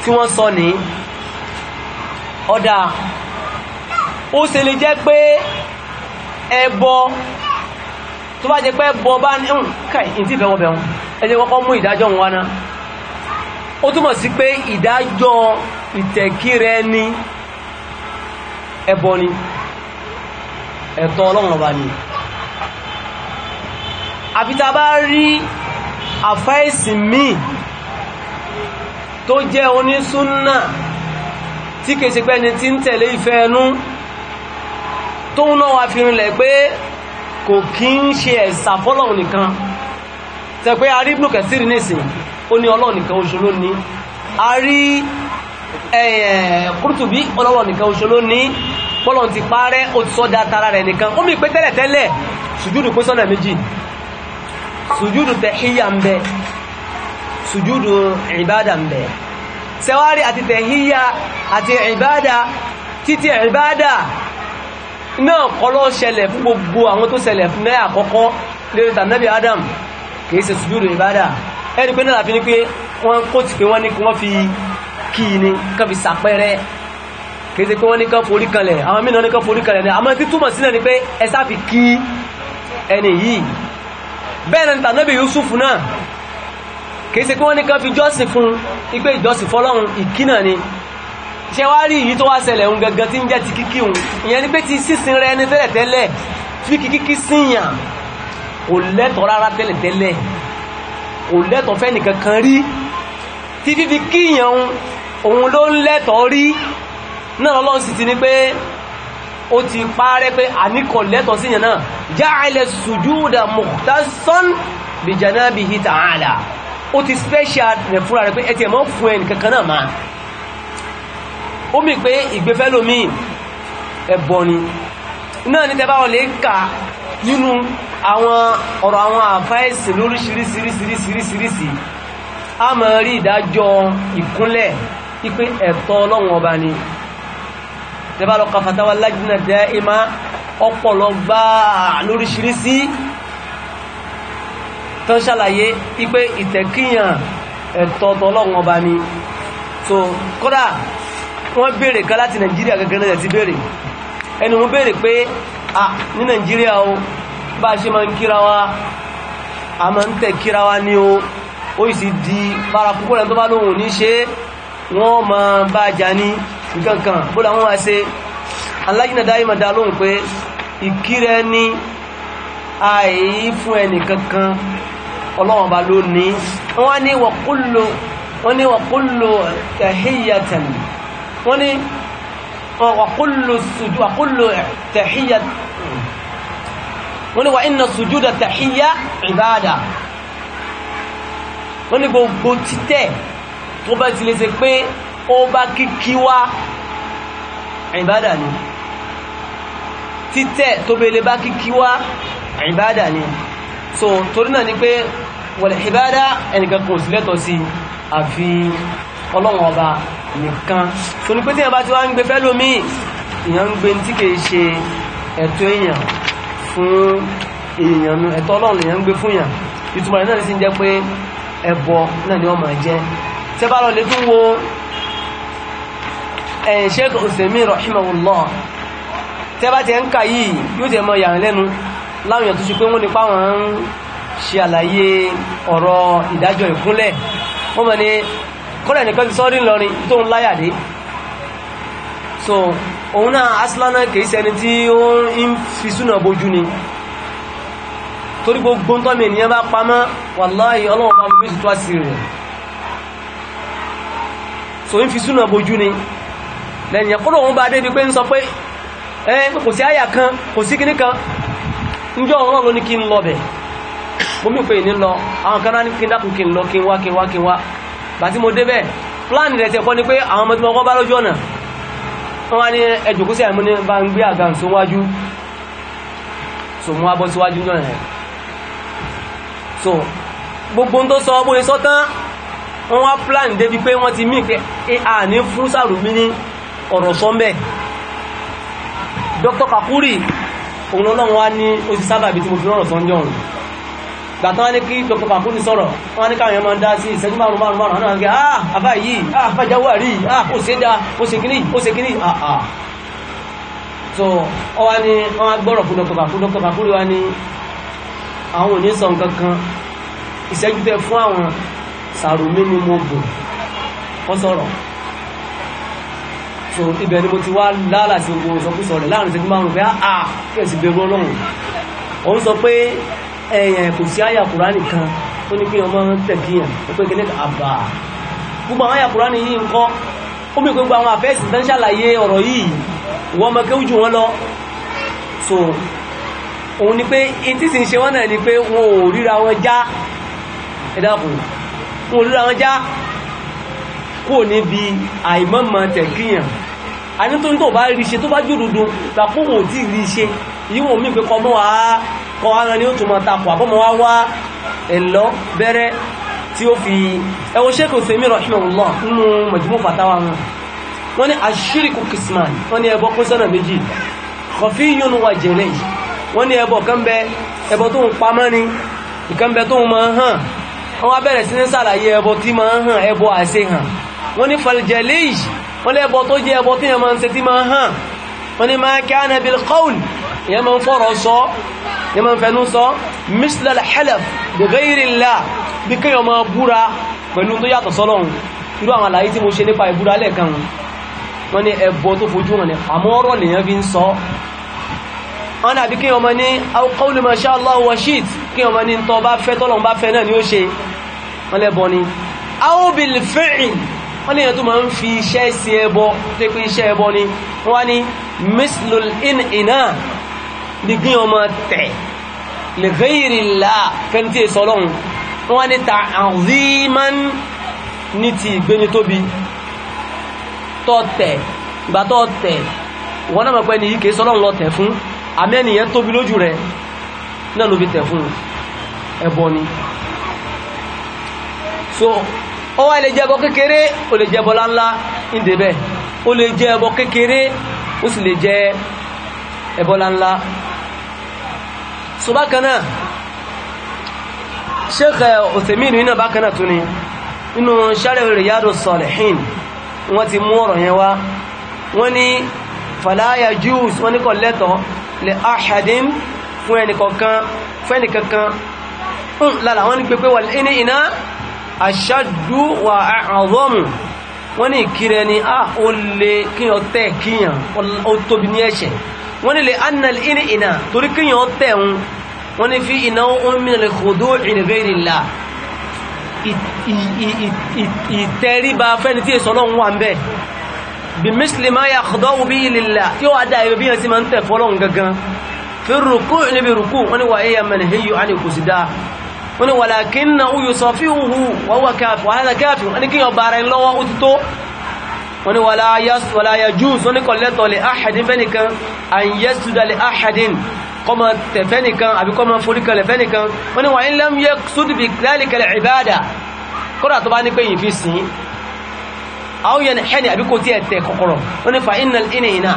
tí wọ́n sọ ní ọ̀dà ó ṣe lè jẹ́ pé ẹbọ tó bá jẹ́ pé ẹbọ bá ní ǹkan ìtìfẹ́ wọ́n ẹni kọ́kọ́ mú ìdájọ́ wọn wáná ó túmọ̀ sí pé ìdájọ́ ìtẹ̀kírẹ ní ẹbọ ni ẹ̀tọ́ ọlọ́run ọba ni àbíta bá rí àfáìsì míì tó jẹ́ onísúnnà tí kèsì pé ẹni tí ń tẹ̀lé ìfẹ́ ẹnu tóun náà wà fi rinlẹ̀ pé kò kí ń ṣe ẹ̀sà fọ́lọ́run nìkan tẹ pé a rí Ibn Kathir nísìn ó ní Ọlọ́run nìkan oṣù ló ní a rí Qurtubi Ọlọ́run nìkan oṣù ló ní bọ́lọ̀ ti parẹ́ ó ti sọ́dá tara rẹ̀ nìkan ó mì pé tẹ́lẹ̀tẹ́lẹ̀ sùjúdù pín sọ́nà méjì sùjúdù tẹ̀híyà ń bẹ sùjúdù ìbádà ń bẹ sẹwárí àti tẹ̀híyà àti ìbádà títí ìbádà náà kọ́ ló fún gbogbo àwọn tó ṣẹlẹ̀ fún mẹ́ àkọ́kọ́ lórí tàbí Adam kìí ṣe sùjúdù ìbádà ẹni pé náà fi ní pé wọ́n kó ti pé wọ́n ní kí wọ́n fi kí ni kán fi sàpẹ́rẹ́ kìí ṣe pé wọ́n ní kán forí kanlẹ̀ àwọn mìíràn ní kán forí kanlẹ̀ ní àmọ́ títúmọ̀ sílẹ̀ ni pé ẹ sá fi kí ẹni yìí bẹ́ẹ̀ náà tànábì Yusuf náà kìí ṣe pé wọ́n ní kán fi jọ́sìn fún ipé ìjọsìn fọlọ́run ìkínà ni ṣe wá rí èyí tó wá ṣẹlẹ̀ ń gangan tí ń jẹ́ ti kíkí òun ìyẹn ni pé ti sísin rẹ ẹni tẹ́lẹ̀ tẹ́lẹ̀ fi kíkí síyàn kò lẹ́tọ̀ rárá tẹ́lẹ̀tẹ́lẹ̀ kò lẹ́tọ̀ fẹ́ni kankan rí títí fi kíyàn òun ló ń lẹ́tọ̀ rí náà lọ́lọ́run sì ti ní pé ó ti parẹ́ pé àníkọ̀ lẹ́tọ̀ sí yàn náà ja'ala sujuda mukhtassan bi janabihi ta'ala ó ti special rẹ̀ fúnra rẹ̀ pé ẹ ti ẹ̀mọ́ fún ẹnì kankan náà máa ó mì pé ìgbéfẹ́ lómi ẹ̀bọ̀ ni náà ní tẹ́ bá wọlé kà nínú àwọn ọ̀rọ̀ àwọn àfáìsì lóríṣiríṣiríṣiríṣiríṣi a máa rí ìdájọ́ ìkúnlẹ̀ pípé ẹ̀tọ́ ọlọ́run ọba ni tẹ́bàlọ́ kàfàtàwà lájínà dẹ́ ima ọpọlọ gbá lóríṣiríṣi tó ń ṣàlàyé pípé ìtẹ̀kíyàn ẹ̀tọ́ ọlọ́run ọba ni so kódà wọ́n béèrè kan láti nàìjíríà gẹ́gẹ́ náà ti béèrè ẹni wọ́n béèrè pé à ní nàìjíríà o bá ṣe máa ń kíra wa a máa ń tẹ̀ kíra wa ní o ó sì di bára púpọ̀ lẹ́nu tó bá lóhùn ní ṣe wọ́n máa bá jà ní nǹkankan bó làwọn máa ṣe alájìnà dáyé máa dá lóhùn pé ìkírẹ ní àìyí fún ẹnì kankan ọlọ́wọ́n bá ló ní wọ́n ní wa wọ́n ní wa kullu wọ́n ní wa kullu sujud wa wọ́n ní wà inna sùjúdà tàhíyá ìbáàdà wọ́n ní gbogbo títẹ̀ tó bá ti lè ṣe pé ó bá kíkí wá ìbáàdà ni títẹ̀ tó bẹ lè bá kíkí wá ìbáàdà ni so torí náà ni pé wal ìbáàdà ẹnìkan kò sí lẹ́tọ̀ sí àfi ọlọ́run ọba nìkan tó ní pé tí èèyàn bá ti wá ń gbé fẹ́lómi ìyàn ń gbé ní tí kìí ṣe ẹ̀tọ́ èèyàn fún èèyàn nu ẹ̀tọ́ ọlọ́run èèyàn ń gbé fún yàn ìtumọ̀ rẹ̀ náà ní sí jẹ́ pé ẹbọ náà ni wọ́n máa jẹ́ tẹ́ bá lọ lè tún wo ẹ̀yìn Sheikh Usaimin rahimahullah tẹ́ bá ti ń kà yìí yóò jẹ́ mọ yàn lẹ́nu láwọn èèyàn tó ṣe pé wọ́n nípa wọn ń ṣe àlàyé ọ̀rọ̀ ìdájọ́ ìkúnlẹ̀ wọ́n mọ̀ ní kọ́lẹ̀ nìkan ti sọ́rí ńlọrin tó ń láyàdé so òun náà asìlánà kìí sẹni tí ó ń fi súnà bójú ni torí gbogbo ń tọ́mì ènìyàn bá pamọ́ wàláhì ọlọ́wọ́ bá gbé tuntun rẹ̀ so ń fi súnà bójú ni lẹ́yìn kó lóun bá débi pé ń sọ pé kò sí àyà kan kò sí kíní kan njọ́ ọ̀rọ̀ ló kí n lọ bẹ̀ mo mú pé lọ àwọn kan ní wọ́n wá ní ẹjùkú sí àìmú ní bá ń gbé àga ǹsọ́wájú so mú abọ́ síwájú náà rẹ̀ so gbogbo tó sọ ọmọ ìsọ tán wọ́n wá plan débi pé wọ́n ti mìí pé a ní fún sàrùmí ní ọ̀rọ̀ sọ́mbẹ̀ Dr. Kakuri òun lọ́wọ́ wá ní oṣù sábàbí tí mo fi rọ̀rọ̀ sọ́njọ́ ọ̀rùn gbàtán wá ní kí dr pàkún ní sọ̀rọ̀ wọ́n ní káwọn èèyàn máa ń dá sí ìṣẹ́jú márùn márùn márùn àwọn àgbẹ̀ ah àbá yìí ah àbá Jawari ah ó ṣe dá ó ṣe kíní ó ṣe kíní ah, ah. so ọwá ní wọ́n á gbọ́rọ̀ fún dr pàkún dr pàkún rí wá ní àwọn òní sọ nǹkan kan ìṣẹ́jú tẹ fún àwọn sàrùmí ni mo bò wọ́n sọ̀rọ̀ so ibẹ̀ ni mo ti wá lálàsí gbogbo sọkúsọ rẹ̀ láàrin ìṣẹ́jú márùn-ún pé ah, ah kẹ̀sì bẹ̀rù ọlọ́run òun sọ pé ẹ̀yẹn eh, eh, kò sí àyà kùránì kan tó ní kí ọmọ tẹ̀kíyàn ó pé kíní àbà gbogbo àwọn àyà kùránì yìí ń kọ́ ó bí gbogbo àwọn àfẹ́sì tó ń ṣàlàyé ọ̀rọ̀ yìí wọ́n mọ kéwù jù wọ́n lọ so òun ni pé etí sì ń ṣe wọ́n náà ni pé wọn ò ríra wọn já ẹ dákun wọn ò ríra wọn já kò níbi àìmọ̀mọ̀ tẹ̀kíyàn àní tó ń tó bá rí ṣe tó bá jòdòdò tàkùn ò tí rí ṣe yíwọ̀n mí pé kọ́ mọ́ wàá kọ́ ara ni ó tún máa takò àbọ́mọ́ wá wá ẹ̀lọ́ bẹ́rẹ́ tí ó fi ẹwọ́ ṣẹ́kù sẹ́mi rahimahullah nínú majmu fatawa wọn wọ́n ní ashiriku kisman wọ́n ní ẹbọ kún sọ́nà méjì khafiyun wa jalay wọ́n ní ẹbọ kan bẹ ẹbọ tó ń pamọ́ ni ìkan bẹ tó ń máa hàn wọ́n wá bẹ̀rẹ̀ sí ní sàlàyé ẹbọ tí máa hàn ẹbọ àṣẹ hàn wọ́n ní fal jalay wọ́n lẹ́bọ tó jẹ́ ẹbọ tí yẹn máa ń ṣe tí máa hàn wọ́n ní ma kana bil qawl ìyẹn máa ń fọ́rọ̀ sọ ìyẹn máa ń fẹnu sọ mislal halaf bi ghayri Allah bí kéèyàn máa búra pẹ̀lú tó yàtọ̀ sọ́lọ́run irú àwọn àlàyé tí mo ṣe nípa ìbúra lẹ́ẹ̀kan wọn ni ẹ̀bọ tó fojú hàn ní àmọ́ ọ̀rọ̀ lèèyàn fi ń sọ wọn dàbí kéèyàn máa ní aw qawlu ma sha Allah wa shi't kéèyàn máa ní tọ́ bá fẹ́ tọ́lọ́run bá fẹ́ náà ni ó ṣe wọn lẹ́bọ ni aw bil fi'l wọ́n lè yàn tó máa ń fi iṣẹ́ sí ẹbọ tó pín iṣẹ́ ẹbọ ni wọ́n wá mislul in ina ní kí ọmọ tẹ̀ lè gẹ́ìrìlá fẹ́ntí ìsọlọ́run wọ́n ní ta àzíman ní ti ìgbéni tóbi tọ́tẹ̀ ìgbà tọ́tẹ̀ wọ́n náà pẹ́ ní yí kìí sọlọ́run lọ tẹ̀ fún àmẹ́nìyàn tóbi lójú rẹ̀ náà ló fi tẹ̀ fún ẹbọ ni so ó wá lè jẹ́bọ kékeré ó lè jẹ́bọ láńlá ìdèbẹ̀ ó lè jẹ́ ẹbọ kékeré ó sì lè jẹ́ ẹbọ láńlá so bákanáà Sheikh eh, Uthaymeen iná bákanáà tó ní inú Sharh Riyadus Salihin wọ́n ti mú ọ̀rọ̀ yẹn wá wọ́n ní fala yajuz wọ́n ní kò lẹ́tọ̀ li ahadin fún ẹnìkọ̀kan fún ẹnìkankan hmm, lára wọ́n ní pé pé wà ní iná ashaddu wa a'zamu wọ́n ní ìkírẹ ni a ah, ó lè kíyàn tẹ́ kíyàn ó tóbi ní ẹ̀ṣẹ̀ wọ́n ní lè annal ini ina torí kíyàn tẹ̀hún wọ́n ní fi iná omi lè kòdó ìrìnbẹ̀rìnlá ìtẹríba fẹ́ni tí èsọ́ lọ́wọ́ wà ń bẹ́ bí mùsùlùmá ya kòdọ́wù bí ìlìlá tí ó adá ìwé bí yẹn sí máa ń tẹ̀ fọ́lọ́hun gangan fi rùkú níbi rùkú wọ́n ní wà éyà mẹ́lẹ̀ héyù á ní kò sí dáa wọ́n ní wàlákínà uyùsọ̀fíhù wọ́wọ́ káfí wàhálà káfí wọ́n ní kíyàn bára ẹ̀ lọ́wọ́ ó wọ́n ni wala yajuz wọ́n ni kò lẹ́tọ̀ lè áhàdín fẹ́nìkan an yasjuda lè áhàdín kọmọ tẹ̀fẹ́nìkan àbí kọmọ foríkan lẹ̀fẹ́nìkan wọ́n ni wa in lam yaqsud bi dhalika al-ibada kọ́dà tó bá ní pé yìí fi sìn àwọn yẹn hẹ́ni àbí kò tí ẹ̀ tẹ̀ kọ̀kọ̀rọ̀ wọ́n ni fa innal inina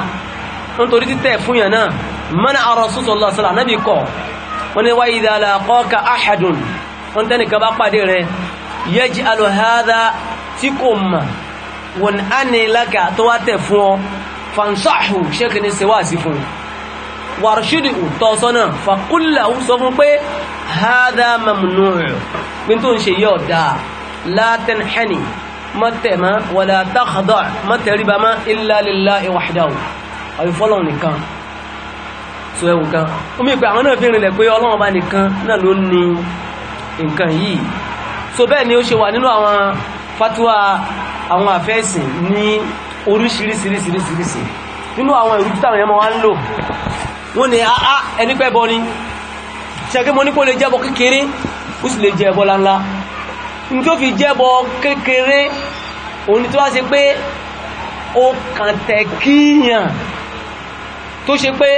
nítorí títẹ̀ fún yẹn náà mana ar-rasul sallallahu alaihi wasallam nábì kọ̀ wọ́n tí kò mọ̀ wọn á ní lága tó wá tẹ̀ fún ọ fanṣáhù ṣéèkì ní ṣe wáàsí fún wàrṣídì tọ́ sọ́nà fàkúlà ó sọ fún pé hádà mamnu pín tó ń ṣe yọ̀ dáa látẹn hẹ́nì mọ́tẹ̀mọ́ wàlá tàkàdọ̀ mọ́tẹ̀ríbàmọ́ illa lillahi wahdahu àyùfọ́lọ̀ nìkan tó ẹwù kan omi ìpè àwọn náà fi rìnlẹ̀ pé ọlọ́run bá nìkan náà ló ní nǹkan yìí so bẹ́ẹ̀ ni ó ṣe wà nínú àwọn fatuwa àwọn àfẹ́ẹ̀sìn ní oríṣiríṣiríṣiríṣiríṣi nínú àwọn ìrújú táwọn ẹmọ wá ń lò wọ́n ah, ah, ni àá ẹni pẹ́ bọ ni ṣẹ́gbẹ́ mọ́ ní kó lè jẹ́bọ kékeré ó sì lè jẹ́bọ láńlá ní tó fi jẹ́bọ kékeré òní tó wá ṣe pé ó kàn tẹ̀ kíyàn tó ṣe pé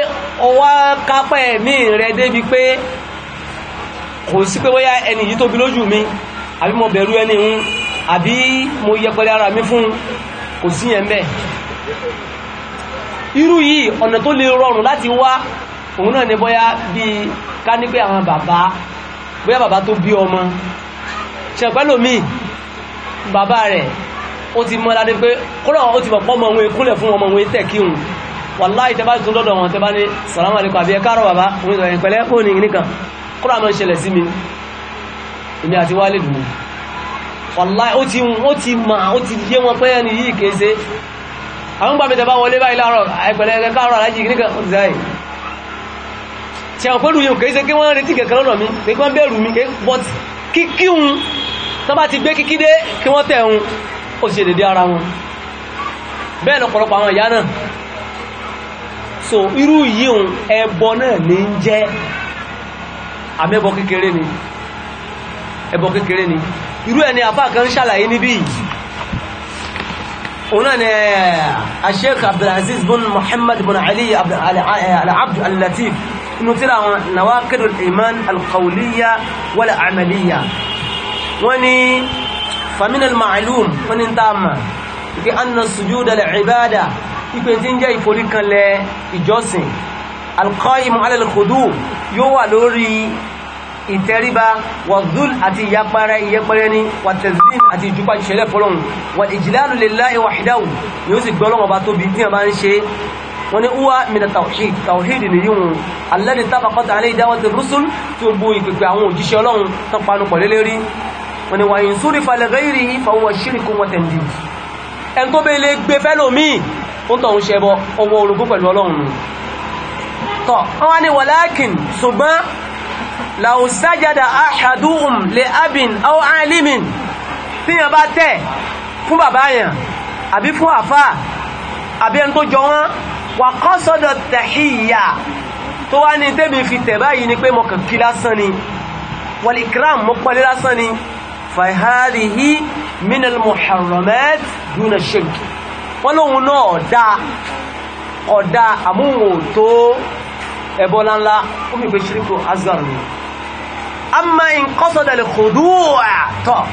ó wá kápẹ́ ẹ̀mí rẹ̀ débi pé kò sí pé bóyá ẹni yìí tóbi lójú mi àbí mo bẹ̀rù ẹni ń àbí mo yẹpẹrẹ ara mi fún kò sí yẹn bẹ́ẹ̀ irú yìí ọ̀nà tó lè rọrùn láti wá òun náà ni bóyá bí ká ní pé àwọn bàbá bóyá bàbá tó bí ọmọ ṣe pẹ́lú mi bàbá rẹ̀ ó ti mọ́ ládé pé kọ́lọ̀ ó ti mọ̀pọ̀ ọmọ òun kúnlẹ̀ fún ọmọ òun tẹ̀ kí òun wàláhì tẹ́ bá tún lọ́dọ̀ wọn tẹ́ bá ní sàlámà lè pàbí àti wálé dùn wàlá ó ti ó ti mà ó ti yé wọn pé ẹni yìí kìí ṣe àwọn gbàmí tẹ̀bá wọlé báyìí láàárọ̀ àìpẹ̀lẹ̀ ẹ̀kẹ́ káàrọ̀ alájì níkan ó ti dáì tí àwọn pẹ̀lú yìí kìí ṣe kí wọ́n retí kẹ̀kẹ́ lọ́nà mi pé but kíkí hun tó bá ti gbé kíkí dé kí wọ́n tẹ̀ hun ó ṣe dédé so irú yìí hun ẹbọ náà ní ń jẹ́ ni ẹbọ kékeré ni irú ẹni àfáà kan ṣàlàyé níbí òun náà ni asheikh eh, abdulaziz bin muhammad bin ali eh, alabd alatif inú tíra àwọn nawakidul iman alkauliya wala amaliya wọ́n ni faminal ma'lum wọ́n ni taama ipe anna sujuda al'ibada ipe tí ń jẹ́ ìforíkanlẹ̀ ìjọsìn alqaimu ala alkhudu yóò wà lórí ìtẹríba wàzúl àti ìyapara ìyẹpẹrẹ ní wàtẹ̀zín àti ìjúpa ìṣẹ̀lẹ̀ fọ́lọ́hun wà ìjìláàlù lillahi wahdahu ni ó sì gbọ́lọ́wọ́ bá tóbi tí a máa ń ṣe wọ́n ni uwa mina tawhid tawhid ni yíwọ̀n alladhi tabaqat alayhi da'watu rusul tó gbó ìpẹ̀pẹ̀ àwọn òjíṣẹ́ ọlọ́run tó panu pẹ̀lú lérí wọ́n ni wa in surifa li ghayrihi fa huwa shirkun wa tandid ẹn tó bẹ́ẹ̀ lè gbé fẹ́lòmíì ó tọ̀hún ṣẹbọ ọwọ́ orogún pẹ̀lú ọlọ́run tọ́ wọ́n ni walakin ṣùgbọ́n law sajada ahaduhum li abin aw alimin tíyàn bá tẹ̀ fún bàbá yàn àbí fún àfà àbí ẹni tó jọ wọ́n wà kọ́ sọ́dọ̀ tẹ̀híyà tó wá ní tẹ́mi fi tẹ̀ báyìí ni pé mo kàn kí lásán ni wal ikram lásán ni fàhádìí minal muharramat duna shirk wọ́n lóhun náà ọ̀dá ọ̀dá àmúhùn tó ẹbọ lánlá ó fi pé ṣíríkù asgar ni amma in qasada al-khudu' tọ́